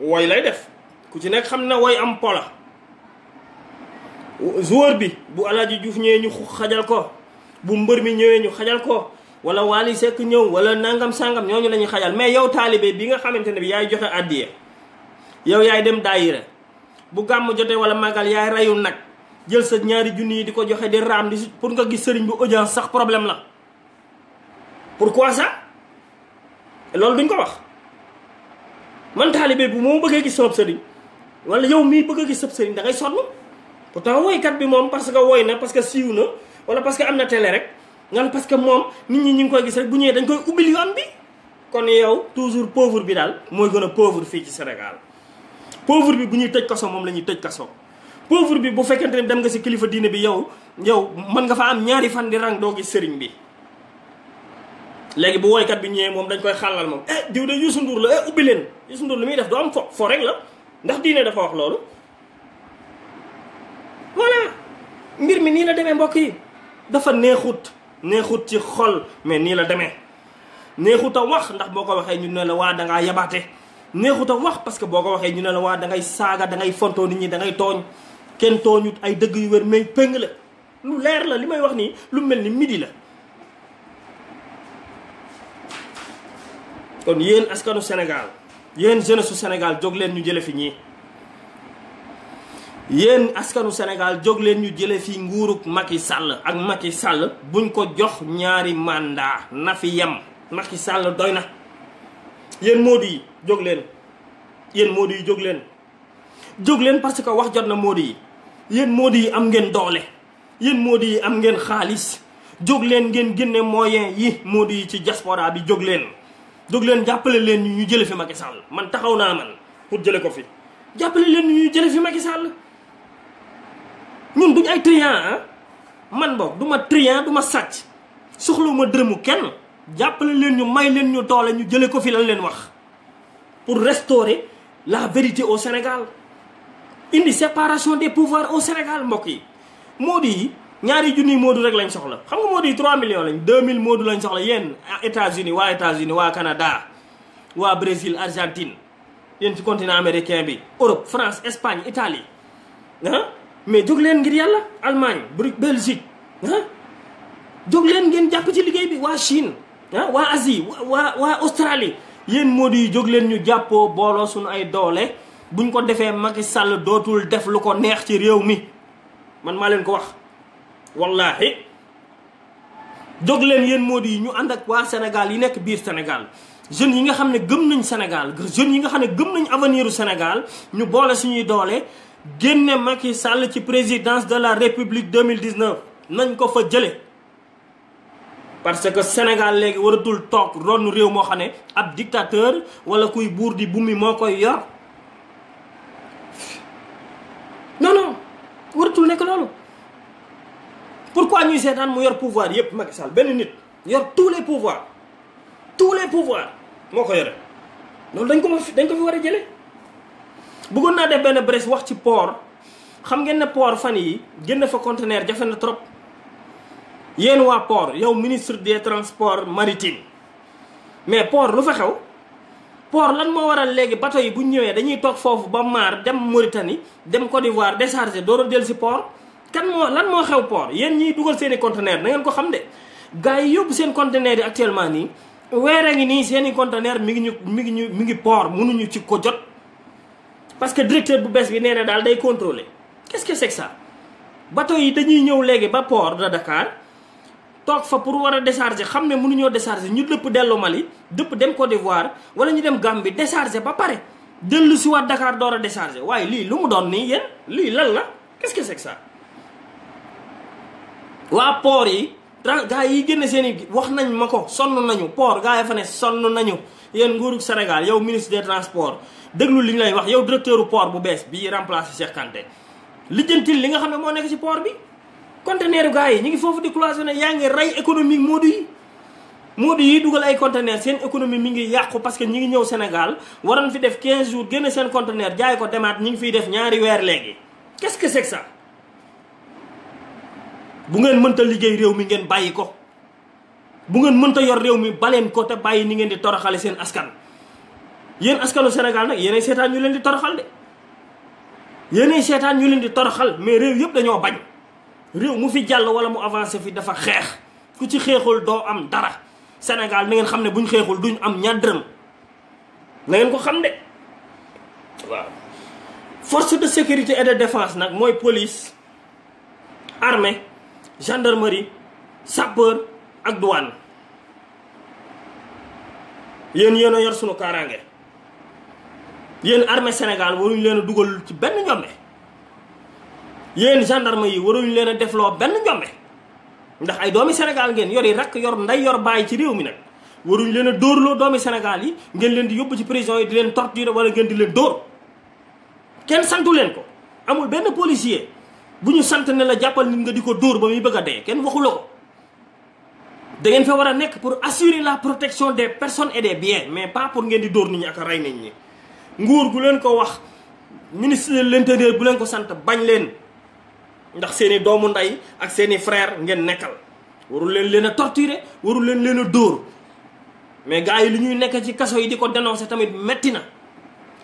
woy lay def ku ci nekk xam na woy am pola joueur bi bu alaaj Alaaji Diouf ñëwee ñu xajal ko bu mbër mi ñëwee ñu xajal ko wala Waly Seck ñëw wala nangam sàngam ñooñu la ñuy xajal mais yow taalibe bi nga xamante ne bi yaay joxe addiya yow yaay dem daayira bu gàmm jotee wala màggal yaay reyu nag jël sa ñaari junni yi di ko joxe di raam di pour nga gis sëriñ bu audience sax problème la quoi sa loolu duñ ko wax man taalibe bu moo bëggee gis sab sëriñ wala yow mii bëgg a gis sab sëriñ da ngay sonn bu pourtant woykat bi moom parce que woy na parce que siiw na wala parce que am na télé rek ngan parce que moom nit ñi ñu ngi koy gis rek bu ñëwee dañ koy ubbil yoon kon yow toujours pauvre bi daal mooy gën a pauvre fii ci Sénégal pauvre bi bu ñuy tëj kaso moom la ñuy tëj kaso pauvre bi bu fekkente ne dem nga si kilifa diine bi yow yow mën nga fa am ñaari fan di rang doo gis sëriñ bi léegi bu woykat bi ñëwee moom dañ koy xàllal moom eh, diw de Youssou Ndour la eh ubbi leen Youssou Ndour lu muy def doo am fo fo rek la ndax diine dafa wax loolu voilà mbir mi nii la demee mbokk yi dafa neexut neexut ci xol mais nii la demee neexut a wax ndax boo ko waxee ñu ne la waa da ngaa yabaate neexut a wax parce que boo ko waxee ñu ne la waa dangay saaga da ngay fontoo nit ñi da tooñ kenn tooñut ay dëgg yu wér mais péng la lu leer la li may wax nii lu mel ni midi la kon yéen askanu senegal yéen jeunesse su senegal jóg leen ñu jële fi ñii yéen askanu Sénégal jóg leen ñu jële fi nguuruk Macky sàll ak Macky Sall buñ ko jox ñaari mandat na fi yem Macky sàll doy na yéen Modi yi jóg leen yéen Modi yi jóg leen jóg leen parce que wax jot na Modi yi yéen Modi yi am ngeen doole yéen Modi yi am ngeen xaalis jóg leen ngeen génne moyen yi Modi yi ci diaspora bi jóg leen jóg leen jàppale leen ñu ñu jële fi Macky Sall man taxaw naa man pour jële ko fi jàppale leen ñu jële fi Macky Sall ñun duñ ay hein? triant man triant pour restaurer la vérité au Sénégal indi séparation des pouvoirs au Sénégal mbokk yi nous ñaari rek lañ soxla 3 millions lañ 2000 lañ soxla États-Unis wa États-Unis wa Canada Brésil Argentine yeen continent américain Europe France Espagne Italie hein? mais jóg leen ngir yàlla Allemagne Belgique ah jóg leen ngeen jàpp ci liggéey bi waa Chine ah waa Asie waa waa Australie yéen moo di jóg leen ñu jàppoo booloo suñu ay doole buñ ko defee Macky Sall dootul def lu ko neex ci réew mi man maa leen ko wax wallaahi jóg leen yéen moo ñu ànd ak waa Sénégal yi nekk biir Sénégal jeunes yi nga xam ne gëm nañ Sénégal jeunes yi nga xam ne gëm nañu avenir u Sénégal ñu boole suñuy doole génne Macky Sall ci présidence de la république 2019 nañ ko fa jële parce que Sénégal légui waratul tok ron réew mo xané ab dictateur wala kuy buur di bumi mo koy yor non non waratul nek lolu pourquoi ñuy sétane mu yor pouvoir yépp Macky Sall ben nit yor tous les pouvoirs tous les pouvoirs moko yoré yore dañ ko dañ ko fi wara a bëggoon naa def ben bres wax ci port xam ngeen ne port fan yi genn fa conteneur jafé na trop yeen wa port yow ministre des transports maritimes mais port lu fa xew port lan mo waral legi bateau yi bu ñëwee dañuy tok fofu ba mar dem Mauritanie dem Côte d'Ivoire décharger door del si port kan mo lan mo xew port yeen ñi duggal seen conteneur na ngeen ko xam de gaay yi yóbbu seen conteneur yi actuellement ni weere ngi ni seen conteneur mi ngi mi ngi mi ngi port mënuñu ci ko jot parce que directeur bu bees bi nee daal day contrôler qu'est-ce que c'est que ça yi dañuy ñëw léegi ba port de Dakar toog fa pour war a décharger xam ne mënuñoo décharger ñu dëpp dellu li dëpp dem de voir wala ñu dem bi décharger ba pare dellu si waat Dakar door a décharger waaye lii lu mu doon nii yéen lii lan la qu'est-ce que c'est que ça waa port yi gaa yi génne seen i wax nañ ma ko sonn nañu port gaa yi fa ne sonn nañu yéen nguurug Sénégal yow ministre des transports deglu liñ lay wax yow directeur port bu bes bi remplacer Cheikh Kanté lijeentil li nga xamné mo nek ci port bi conteneur gaay yi ñi ngi fofu di cloisonné ya nga ray économique modou yi modou yi duggal ay conteneur seen économie mi ngi yaqku parce que ñi ngi ñew Sénégal waran fi def 15 jours gëna seen conteneur jaay ko demaat ñi ngi fi def ñaari wër légui qu'est-ce que c'est que ça bu ngeen mënta liggéey réew mi ngeen bayiko bu ngeen mënta yor réew mi balen ko te bayyi ni ngeen di toroxale seen askan Yen askanu senegal nak yéenay setan ñu leen di toroxal de yéenay setan ñu leen di toroxal mais rew yeb dañoo bañ rew mu fi jall wala mu avancer fi dafa xex ku ci xexul do am dara senegal na ngeen xamne buñ xexul duñ am ñaar na ngeen ko xam de force de sécurité et de défense nak moy police armée gendarmerie sapeur ak douane yéen yéen yor sunu yéen armée Sénégal waruñu leen a dugal ci benn njombe yéen gendarme yi waruñu leen a defloo benn njombe ndax ay doomi Sénégal ngeen yor yi rakk yor nday yor bàyyi ci réew mi nag waruñu leen door loo doomi Sénégal yi ngeen leen di yóbbu ci prison yi di leen torturer wala ngeen di leen dóor kenn santu leen ko amul benn policier bu ñu sant ne la jàppal nit nga di ko dóor ba muy bëgg a dee kenn waxu la ko da ngeen fa war a nekk pour assurer la protection des personnes et des biens mais pas pour ngeen di dóor nit ñi rey nañ ñi nguur gu leen ko wax ministre leen l'intérieur bu leen ko sant bañ leen ndax seeni doomu ndey ak seeni frère ngeen nekkal warul leen leen a torturer warul leen leen a dóor mais gars yi lu ñuy nekk ci kaso yi di ko dénoncer tamit metti na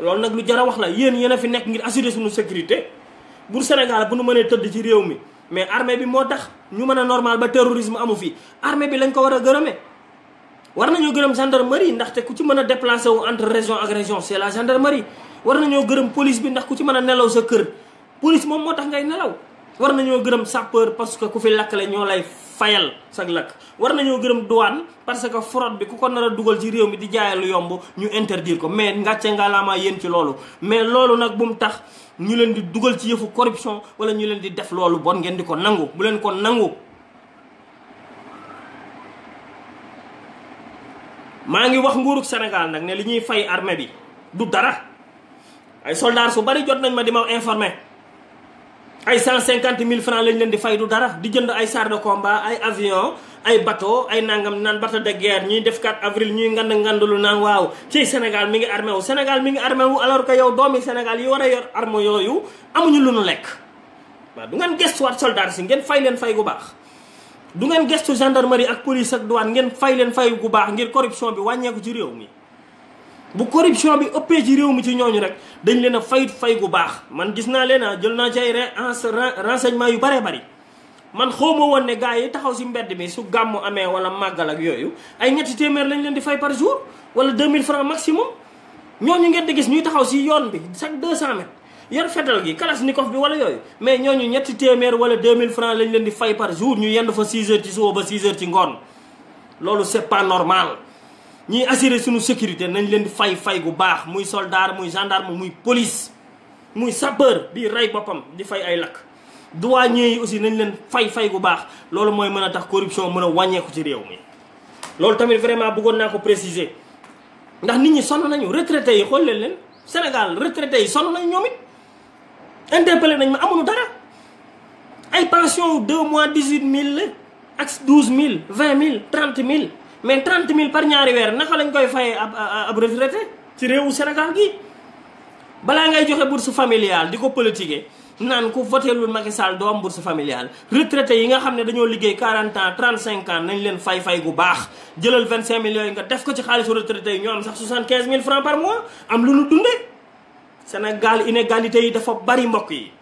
loolu nag lu jar a wax la yéen yéen a fi nekk ngir assurer suñu sécurité pour Sénégal bu nu mënee tëdd ci réew mi mais armée bi moo tax ñu mën a normal ba terrorisme amu fi armée bi lañ ko war a gërëmee war nañoo gërëm gendarmerie ndaxte ku ci mën a déplacé wu entre région ak région c'est la gendarmerie war nañoo gërëm police bi ndax ku ci mën a nelaw sa kër police moom moo tax ngay nelaw war nañoo gërëm sapeur parce que ku fi lakkale ñoo lay fayal sa lakk war na ñoo gërëm douane parce que fraude bi ku ko nar a dugal ci réew mi di jaayal yomb ñu interdire ko mais ngàcce ngaalaamaa yéen ci loolu mais loolu nag bu mu tax ñu leen di dugal ci yëfu corruption wala ñu leen di def loolu bon ngeen di ko nangu leen ko nangu maa ngi wax nguruk senegal nak ne liñuy fay armée bi du dara ay soldats su bari jot nañ ma di ma informé ay 150000 francs lañ leen di fay du dara di jënd ay char de combat ay avion ay bateau ay nangam nan bateau de guerre ñuy def 4 avril ñuy ngand ngandalu nan waaw ci senegal mi ngi armée wu senegal mi ngi armée wu alors que yow doomi senegal yi wara a yor arme yoyu amuñu lu nu lek ba du ngeen gestuwaat soldats si ngeen fay leen fay gu bax du ngeen gestu gendarmerie ak police ak douane ngeen fay leen fay gu baax ngir corruption bi wàññeeku ci réew mi bu corruption bi ëppee ci réew mi ci ñooñu rek dañ leen a fay fay gu baax man gis naa leen a jël naa ci ay renseignement yu baree bari man xawma woon ne gars yi taxaw si mbedd bi su gàmmu amee wala màggal ak yooyu ay ñetti téeméer lañ leen di fay par jour wala 2000 francs maximum ñooñu ngeen di gis ñuy taxaw si yoon bi chaque 200 mètres yor fetal gi kalachnikov bi wala yoy mais ñooñu ñetti téeméer wala 2000 francs lañ leen di fay par jour ñu yendu fa 6 heures ci suba ba 6 heures ci ngone lolu c'est pas normal ñi assurer suñu sécurité nañ leen di fay fay gu bax muy soldat muy gendarme muy police muy sapeur bi ray bopam di fay ay lakk douanier yi aussi nañ leen fay fay gu bax lolu moy mën tax corruption mën wañé ko ci réew mi lolu tamit vraiment bëggon nako préciser ndax nit ñi sonn nañu retraité yi xool leen Sénégal retraité yi sonn nañu ñoom interpellé nañ ma amuñu dara ay pension 2 mois 18 000 12 000 20 000 30 000 mais 30 000 par ñaari weer naka lañ koy fayé ab ab retraité ci réewu Sénégal Si bala ngay une bourse familiale diko politiquer voter bourse familiale Les retraités, nga xamné 40 ans 35 ans nañ leen fay fay gu Ils ont 25 millions nga def 75 000 francs par mois am lu nu Senegal inégalité yi dafa bari mbokk yi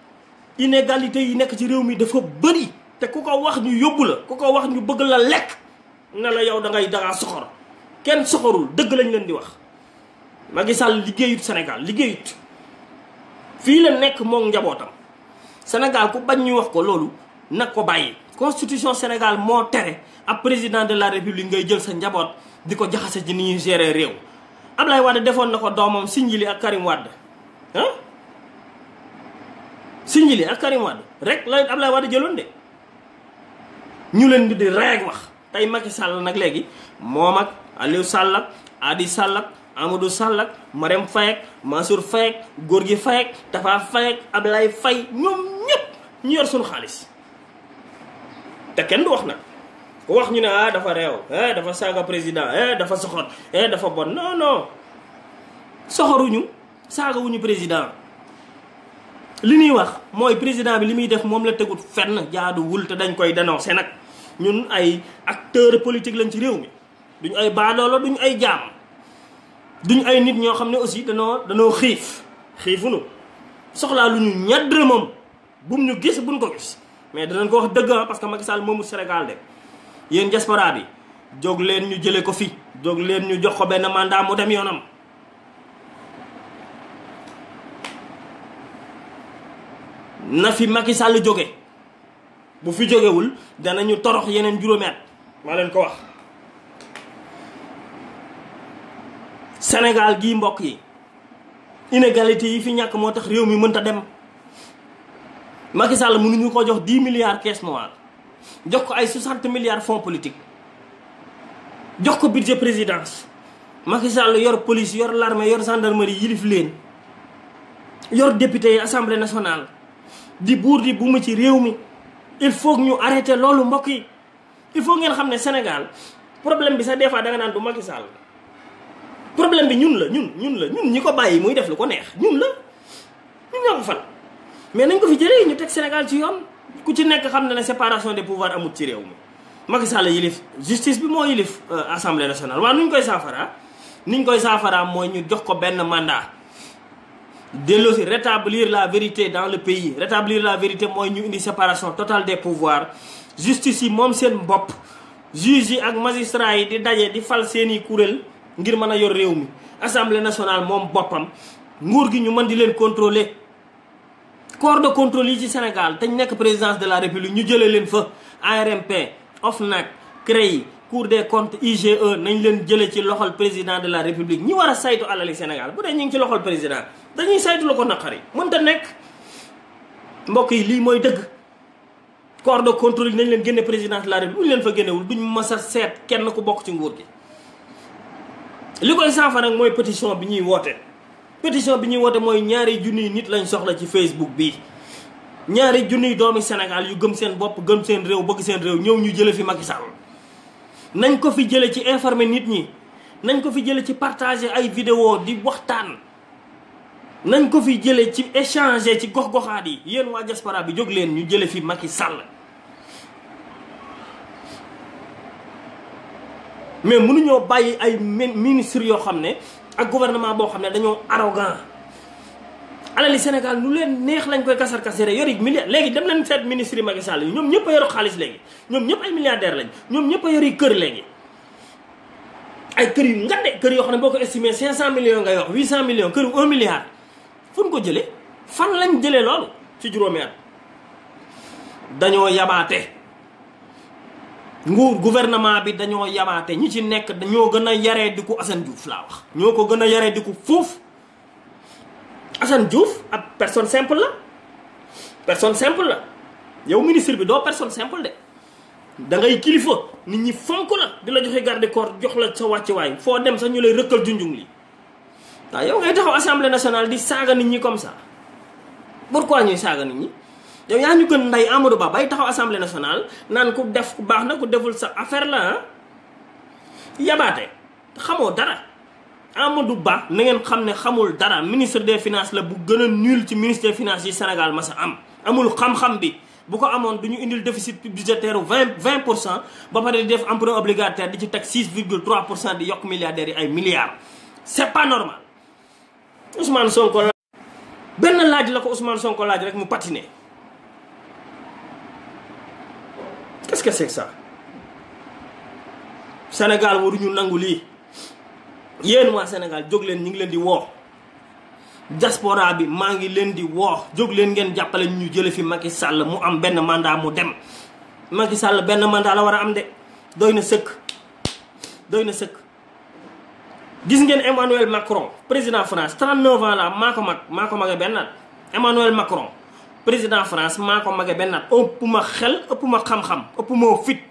inégalité yi nek ci réew mi dafa bari te kuko wax ñu yobbu la kuko wax ñu bëgg la lek na la yow da ngay dara soxor kenn soxorul dëgg lañ leen di wax magi sal liggéeyu senegal liggéeyu fi la nekk moom njabootam senegal ku bañ ñu wax ko lolu nak ko bayyi constitution senegal mo téré a président de la république ngay jël sa njabot di ko ci ni ñu géré réew Ablaye Wade defon nako domam ak Karim Wade ah Sindiély ak Karim Wade rek la Abdoulaye Wade jëloon de ñu leen di di reeg wax tey Macky sàll nag léegi moom ak Aliou Sall ak Adi Sall ak Amadou Sall ak Marème Faye ak Mansour Faye ak Gorgui Faye ak Tafa Faye ak Abdoulaye Faye ñoom ñëpp ñu yor suñu xaalis te kenn du wax nag ku wax ñu ne ah dafa réew eh dafa saaga président eh dafa soxor eh dafa bon non non soxoruñu. saga wuñu président li ni wax moy président bi limi def mom la teggut fenn jaadu wul te dañ koy dénoncer nak ñun ay acteur politique lañ ci réew mi duñ ay lolo duñ ay jam duñ ay nit ño xamné aussi danoo danoo xif xifunu soxla lu ñu ñadre moom bum ñu gis buñ ko gis mais dañ ko wax deug ah, parce que Macky Sall momu Sénégal de yeen diaspora bi jog leen ñu jëlé ko fi jog leen ñu jox ko ben mandat mu dem yonam na fi Macky Sall joggé bu fi jógewul danañu torox yenen juromet ma len ko wax Sénégal gi mbokk yi inégalité yi fi ñak motax réew mi mënta dem Macky Sall ñu ko jox 10 milliards caisse noire jox ko ay 60 milliards fonds politiques jox ko budget présidence Macky Sall yor police yor l'armée yor gendarmerie yilif leen yor député assemblée nationale di buur di bu mu ci réew mi il faut ñu arrêté loolu mbokk yi il faut ngeen xam ne Sénégal problème bi sax des fois da naan du Macky Sall problème bi ñun la ñun ñun la ñun ñi ko bàyyi muy def lu ko neex ñun la ñun ñoo ko fal mais nañ ko fi jëlee ñu teg Sénégal ci yoon ku ci nekk xam na ne séparation des pouvoirs amut ci réew mi Macky Sall yilif justice bi moo yilif euh, assemblée nationale waaw nuñ koy saafara niñ koy saafaraa mooy ñu jox ko benn mandat delloosi rétablir la vérité dans le pays rétablir la vérité mooy ñu indi séparation totale des pouvoirs justice yi moom seen bopp juges yi ak magistrats yi di daje di fal seeni kuréel ngir mën a yor réew mi assemblée nationale moom boppam nguur gi ñu mën di leen contrôler corps de contrôle yi ci Sénégal te ñu nekk présidence de la république ñu jëlee leen fa ARMP OFNAC yi cour des comptes IGE nañ leen jële ci loxol président de la république ñi war a saytu alali Sénégal bu dee ñu ngi ci loxol président dañuy saytu la ko naqari mënta nekk mbokk yi lii mooy dëgg corps de contrôle yi nañ leen génne président de la république bu ñu leen fa génnewul duñ mës a seet kenn ku bokk ci nguur gi li koy saafara nag mooy pétition bi ñuy woote pétition bi ñuy woote mooy ñaari junniy nit lañ soxla ci Facebook bi ñaari junniy doomi Sénégal yu gëm seen bopp gëm seen réew bëgg seen réew ñëw ñu jële fi Macky Sall nañ ko fi jëlé ci informer nit ñi nañ ko fi jëlé ci partager ay vidéo di waxtaan nañ ko fi jëlé ci échanger ci gox-goxaat yi yéen waa diaspora bi jog leen ñu jëlé fi Macky Sall mais ñoo bayyi ay ministre yo xamné ak gouvernement bo xamné dañoo arrogant alali Sénégal lu leen neex lañ koy kasar kasare yori milliard léegi dem nañ seet ministre yi Macky Sall yi ñoom ñëpp a yoru xaalis léegi ñoom ñëpp ay milliardaire lañ ñoom ñëpp a yori kër léegi ay kër yu ngande kër yoo xam ne boo ko estimé cinq cent millions nga wax huit cent millions kër yu un milliard fu ñu ko jëlee fan lañ jëlee loolu ci juróomi at dañoo yabaate nguur gouvernement bi dañoo yabaate ñi ci nekk dañoo gën a yaree di ko Assane Diouf laa ñoo ko gën a yaree di ko fuuf asan Diouf ab personne simple la personne simple la yow ministre bi do personne simple de da ngay kilifa nit ñi fonk la di la joxe garde corps jox la sa way fo dem sa ñu lay rekkal junjung li ta yow ngay taxaw assemblée nationale di saga nit ñi comme ça pourquoi ñuy saga nit ñi yow yaa ñu gën nday amadou ba bay taxaw assemblée nationale nan ku def ku ku deful sa affaire la ah? yabaate xamoo dara Amadou Ba na ngeen xam xamul ministre des finances la bu plus nul ci ministre des finances du Sénégal massa n'y am amul xam-xam bi bu ko amoon déficit budgétaire de 20% pour cent ba pare def emprunt obligataire di ci teg six di milliardaires ay milliards. c'est pas normal Ousmane Sonko ben là laaj la ko Ousmane Sonko laaj rek mu patiné qu'est-ce que c'est que ça Sénégal waruñu nangu lii. yéen waa Sénégal jóg leen ñu ngi leen di woo diaspora bi maa ngi leen di woo jóg leen ngeen jàppale ñu jële fi Macky sàll mu am benn mandat mu dem Macky sàll benn mandat la war a am de doy na sëkk doy na sëkk gis ngeen Emmanuel Macron président France 39 ans la maa ko mag maa ko mage benn at Emmanuel Macron président France maa ko mage benn at ëpp ma xel ëpp ma xam-xam ëpp ma fit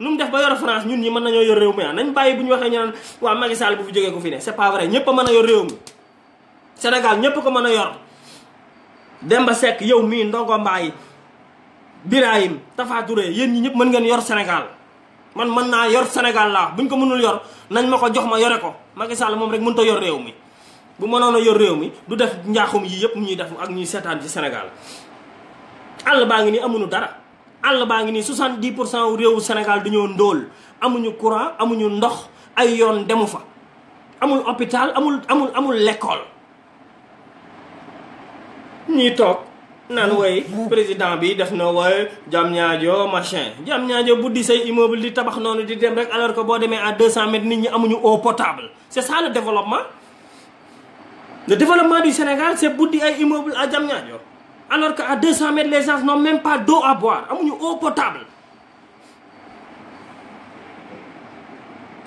Lum def ba yor France ñun ñi mën nañu yor rew mi ah. nañ bayyi buñ waxe ñaan wa magi Sall bu fi joge ko fi ne c'est pas vrai ñepp mëna yor rew mi Sénégal ñepp ko mëna a yor Demba sek yow mi Ndongo mbaay Birahim Tafa Touré yeen ñi ñepp mën ngeen yor Sénégal man mën na yor Sénégal la buñ ko mënul yor nañ ma jox ma yoré ko magi Sall mom rek mën ta yor rew mi bu mënoon yor rew mi du def njaaxum yi yépp ñuy def ak ñuy sétane ci Sénégal Allah ni amunu dara Allah baa ngi nii 70 pour cent réewu Sénégal ndol amuñu courant amuñu ndox ay yoon demu fa amul hôpital amul amul amul l'école ni tok nan way président bi def na way jam ñaajo machin jam ñaajo buddi say immeuble di tabax nonu di dem rek alors que bo démé à 200 mètres nit ñi amuñu eau potable c'est ça le développement le développement du Sénégal c'est buddi ay immeuble à jam ñaajo alors qu'à 200 mètres, les gens n'ont même pas d'eau à boire. Ils amuñu eau potable.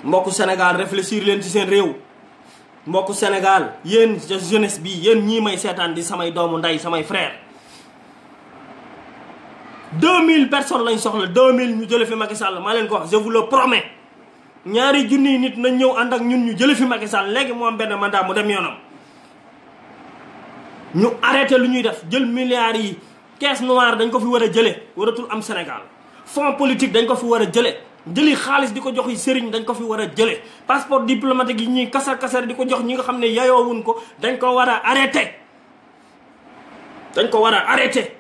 au Sénégal réfléchir leen ci seen réew au Sénégal yéen jeunesse bi yéen ñii may seetaan di samay doomu nday samay frère 2000 personnes lañ soxla 2000 ñu jëlé fi Macky Sall maa leen ko wax je vous le promets ñaari junniy nit na ñëw ànd ak ñun ñu jëlé fi Macky Sall léegi mu am benn mandat mu dem yonam. ñu arrêté lu ñuy def jël milliards yi caisse noire dañ ko fi wara jëlé waratul am sénégal fonds politique dañ ko fi wara jëlé jëli xaaliss di jox yi sëriñ dañ ko fi wara jëlé passeport diplomatique yi ñi kasar kasar di jox ñi nga xamné ne wuñ ko dañ ko wara arrêté dañ ko wara arrêté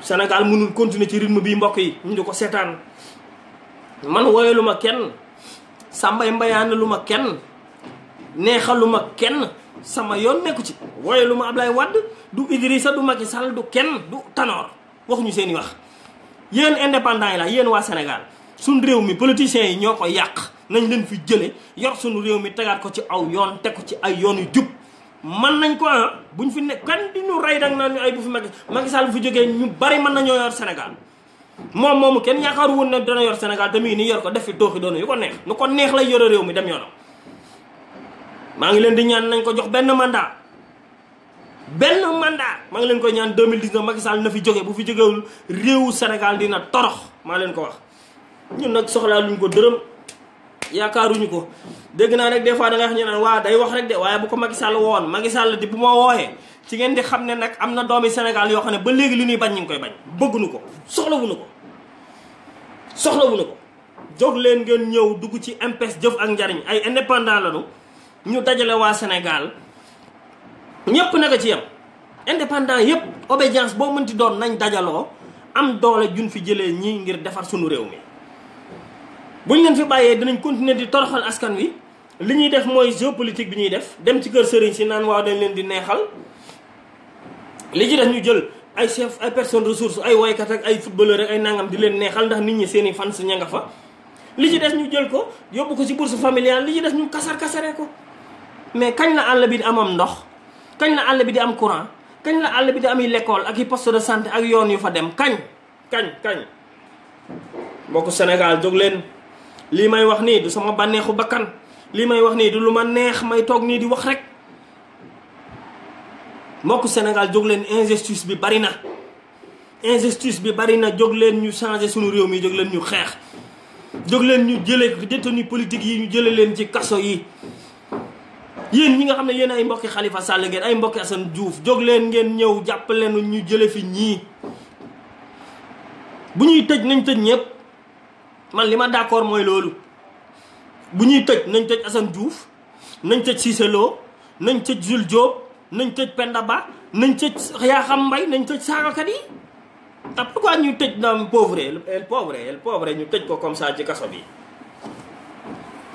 sénégal mënul continuer ci rythme bi mbokk yi ñu diko sétane man woyeluma kenn sambay mbayaana luma kenn neexaluma kenn sama yon neku ci woyelu ma Ablaye Wade du Idrissa du Macky Sall du ken du Tanor waxuñu seeni wax Yen indépendant la yeen wa Sénégal sun rew mi politiciens yi ñoko yak nañ leen fi jëlé yor sun rew mi tegaat ko ci aw yon teg ko ci ay yoon yu man nañ ko ah, buñ fi nek kan di ñu ray dag naan ñu ay bu fi Macky Macky Sall fu joggé ñu bari man nañoo yor Sénégal won ne dana yor Sénégal te ni yor ko def fi dooxi doono yu ko neex nu ko neex la yor rew mi dem ma ngi len di ñaan nañ ko jox benn mandat benn mandat ma ngi len ko ñaan 2019 Macky Sall na fi joge bu fi jógewul rew Senegal dina torox ma len ko wax ñun nak soxla luñ ko deureum yaakaaruñu ko dégg na rek des fois da nga ñu naan day wax rek de waye bu ko Macky Sall woon Macky Sall di bu ma wooyee ci ngeen di xamne nak amna doomi Senegal yo xamne ba legi li ñuy bañ ñing koy bañ bëggnu ko wuñu ko wuñu ko leen ngeen ñew dugg ci MPES jëf ak njariñ ay indépendant lañu ñu dajalé wa sénégal ñepp naka ci yam indépendant yépp obédience boo mënti doon nañ dajalo am doole jun fi jëlé ñi ngir defar suñu réew mi buñ leen fi bayé dinañ continuer di toroxal askan wi li ñuy def moy géopolitique bi ñuy def dem ci kër sëriñ ci naan waaw dañ leen di neexal li ci def ñu jël ay chef ay personne ressource ay kat ak ay footballeur ay nangam di leen neexal ndax nit ñi seeni fans ñanga fa li ci def ñu jël ko yobbu ko ci bourse familiale li ci def ñu kasar kasaré ko mais kañ la àll bi di am ndox kañ la àll bi di am courant kañ la àll bi di am yi lekkool ak yi poste de santé ak yoon yu fa dem kañ kañ kañ mbokku Sénégal jóg leen lii may wax nii du sama bànneexu bakkan lii may wax nii du lu ma neex may toog nii di wax rek mbokk Sénégal jóg leen injustice bi bari na injustice bi bari na jóg leen ñu changé suñu réew mi jóg leen ñu xeex jóg leen ñu jële détenu politique yi ñu jële leen ci kaso yi yéen ñi nga xam ne yéen ay mbokki xalifa Sall ngeen ay mbokki asan Diouf jóg leen ngeen ñëw jàppale nu ñu jële fi ñii bu ñuy tëj nañ tëj ñëpp man li ma d'accord mooy loolu bu ñuy tëj nañ tëj Assane Diouf nañ tëj Cissé Lo nañ tëj Jules Diop nañ tëj Penda Ba nañ tëj xam Mbaye nañ tëj saagakat yi te pourquoi ñuy tëj naam pauvre el pauvre el pauvre ñu tëj ko comme saa ci kaso bi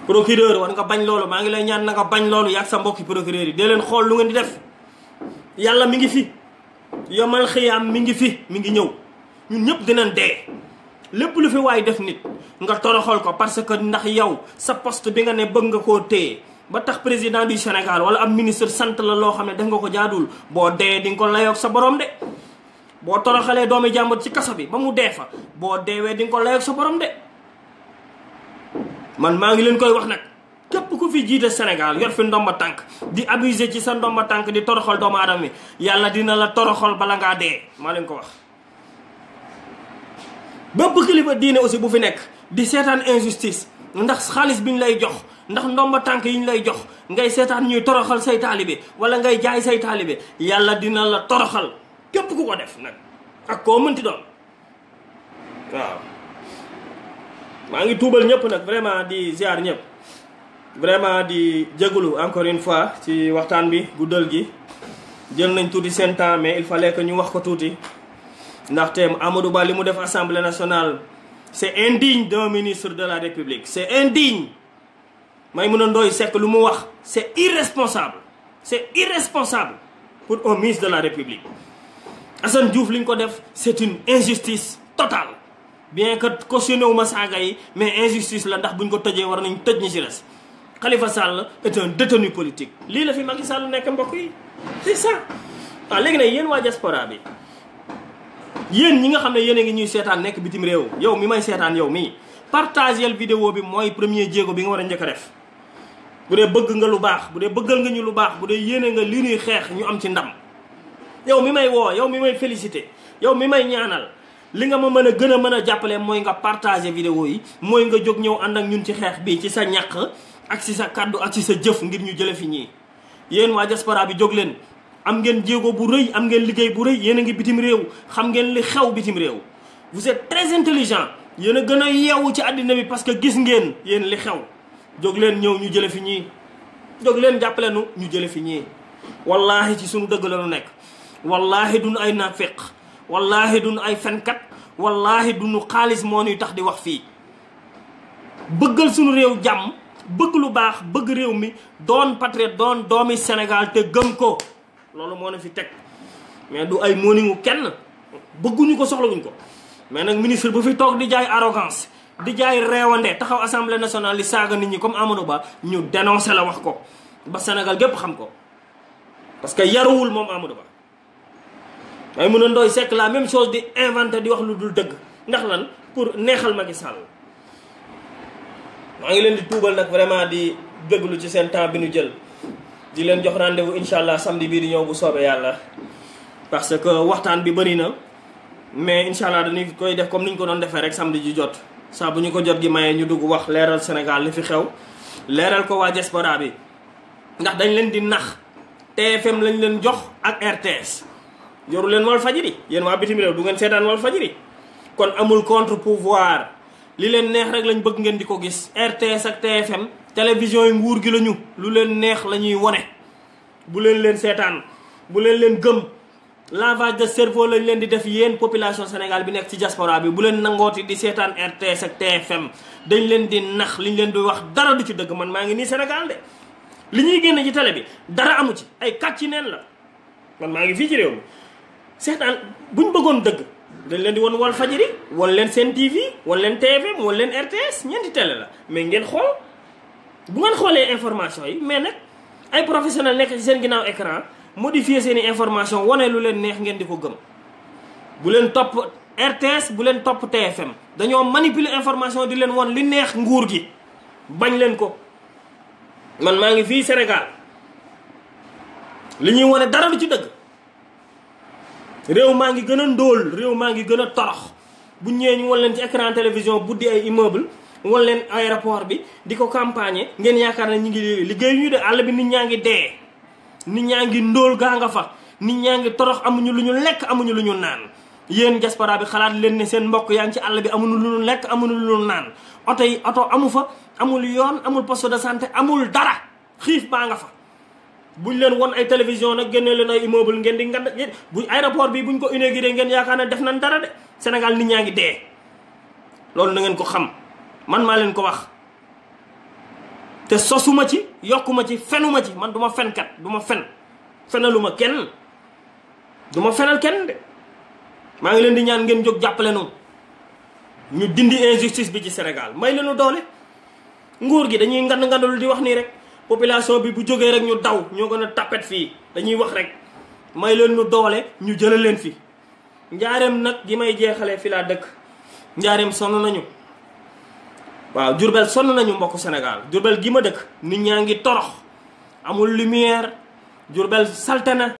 procureur war nga bañ lolu ma ngi lay ñaan na nga bañ lolu yak sa mbokk procureur yi de len xol lu ngeen di def yalla mi ngi fi yomal khiyam mi ngi fi mi ngi ñew ñun ñep dinañ dé lepp lu fi way def nit nga toroxol ko parce que ndax yow sa poste bi nga ne bëgg nga ko téye ba tax président du Sénégal wala am ministre sant la lo xam def nga ko jaadul bo dé di nga ko layok sa borom de bo toroxalé doomi jàmbur ci kaso bi ba mu dee fa boo di ko layok sa borom de man maa ngi leen koy wax nag képp ku fi jiite Sénégal yor fi ndomba tànk di abuser ci sa ndomba tànk di toroxal doomu aadama mi yàlla dina la toroxal bala ngaa dee maa leen ko wax. bépp kilifa diine aussi bu fi nekk di seetaan injustice ndax xaalis bi ñu lay jox ndax ndomba tànk yi ñu lay jox ngay seetaan ñuy toroxal say taalibe wala ngay jaay say taalibe yàlla dina la toroxal képp ku ko def nag ak koo mënti doon waaw. mangi ngi ñep nak vraiment di ziar ñep vraiment di jégalu encore une fois ci waxtaan bi guddal gi jël nañ tuuti sen temps mais il fallait que ñu wax ko ndax ndaxte Amadou Ba limu def assemblée nationale c'est indigne d'un ministre de la république c'est indigne Maïmouna ndoy sék lu mu wax c'est irresponsable c'est irresponsable pour un ministre de la république Assane Diouf liñ ko def c'est une injustice totale bien que cautionné wu ma saga yi mais injustice la ndax buñ ko tejé war nañ tej ni ci res Khalifa Sall est un détenu politique li la fi Macky Sall nek mbokk yi c'est ça ah légui nag yeen wa diaspora bi yeen ñi nga xamné yeen nga ñuy seetaan nek bitim réew yow mi may seetaan yow mi partageel vidéo bi moy premier djégo bi nga wara a a def bu dee bëgg nga lu baax bu dee bëggal nga ñu lu baax bu dee yéene nga li ñuy xex ñu am ci ndam yow mi may wo yow mi may féliciter yow mi may ñaanal li nga ma meuna gëna meuna jappalé moy nga partager vidéo yi moy nga jog ñew and ak ñun ci xex bi ci sa ñak ak ci sa cadeau ak ci sa jëf ngir ñu jëlé fi ñi yeen wa diaspora bi jog leen am ngeen jéego bu reuy am ngeen liggéey bu reuy yeen nga bitim rew xam ngeen li xew bitim rew vous êtes très intelligent yeen gëna yewu ci adina bi parce que gis ngeen yeen li xew jog leen ñew ñu jëlé fi ñi jog leen jappalé nu ñu jëlé fi ñi wallahi ci sunu dëgg la nu nek wallahi dun ay nafiq wallaahi duñu ay fenkat wallaahi duñu xaalis moo ñuy tax di wax fii bëggal suñu réew jàmm bëgg lu baax bëgg réew mi doon patriote doon doomi Sénégal te gën ko loolu moo ne fi teg mais du ay mooningu kenn bëgguñu ko soxlawuñ ko mais nag ministre bu fi toog di jaay arrogance di jaay reewande taxaw assemblée nationale li saaga nit ñi comme Amadou Ba ñu dénoncé la wax ko ba Sénégal gépp xam ko parce que yaruwul moom Amadou Ba day mëna ndoy sek la même chose di inventer di wax lu dul deug ndax lan pour neexal Macky Sall ma ngi leen di tuubal nak vraiment di deglu ci sen temps bi ñu jël di leen jox rendez-vous inshallah samedi bi di ñew bu soobé yalla parce que waxtaan bi bari na mais inshallah dañuy koy def comme niñ ko doon defé rek samedi ji jot sa buñu ko jot gi maye ñu dugg wax leral Sénégal li fi xew leral ko wa diaspora bi ndax dañ leen di nax TFM lañ leen jox ak RTS yoru leen wal fajiri yéen waa bitim réew du ngeen seetaan wal fajiri kon amul contre pouvoir li leen neex rek lañ bëgg ngeen di ko gis RTS ak TFM télévision yi nguur gi la ñu lu leen neex la ñuy wone bu leen leen seetaan bu leen leen gëm lavage de cerveau lañ leen di def yéen population Sénégal bi nekk ci jasporaa bi bu leen nangooti di seetaan RTS ak TFM dañ leen di nax liñ leen di wax dara du ci dëgg man maa ngi nii senegal de li ñuy génn ci télé bi dara amu ci ay kàcc la man maa ngi fii ci réew setan buñ bëggoon dëgg dañ leen di won wal fajiri wal leen seen tv wal leen tv wal leen rts ñeenti télé la mais ngeen xool bu ngeen xoolee information yi mais nag ay professionnel nekk ci seen ginnaaw écran modifier seen information wane lu leen neex ngeen di ko gëm bu leen topp rts bu leen topp tfm dañoo manipuler information di leen won li neex nguur gi bañ leen ko man maa ngi fii sénégal li ñuy wone dara lu ci dëgg réew maa ngi gën a ndóol réew maa ngi gën a torox bu ñëwee ñu wan leen ci écran télévision buddi ay immeuble wan leen aéroport bi di ko campagner ngeen yaakaar ne ñu ngi liggéey ñu de àll bi nit ñaa ngi dee nit ñaa ngi ndóol gaa nga fa nit ñaa ngi torox amuñu lu ñu lekk amuñu lu ñu naan yéen diaspora bi xalaat leen ne seen mbokk yaa ngi ci àll bi amuñu lu ñu lekk amuñu lu ñu naan oto yi oto amu fa amul yoon amul poste de santé amul dara xiif baa nga fa buñ leen won ay télévision nak génne leen ay immeuble ngeen di ngand bu aéroport bi buñ ko inauguré ngeen yaakaar ne def nañ dara de sénégal nit ñaa dé loolu na ngeen ko xam man ma leen ko wax te sosuma ci yokuma ci fenuma ci man duma fen fenkat duma fen fenaluma kenn duma fenal kenn de ma ngi leen di ñaan ngeen jóg jappalé nu ñu dindi injustice bi ci sénégal may leenu doole nguur gi dañuy ngand ngandul di wax ni rek population bi bu jógee rek ñu daw ñoo gën a tapet fii dañuy wax rek may leen ñu doole ñu jëla leen fi njaareem nag gi may jeexalee fi laa dëkk njaareem sonn nañu waaw jurbel sonn nañu mbokk Sénégal jurbel gi ma dëkk nit ñaa ngi torox amul lumière jurbel salte na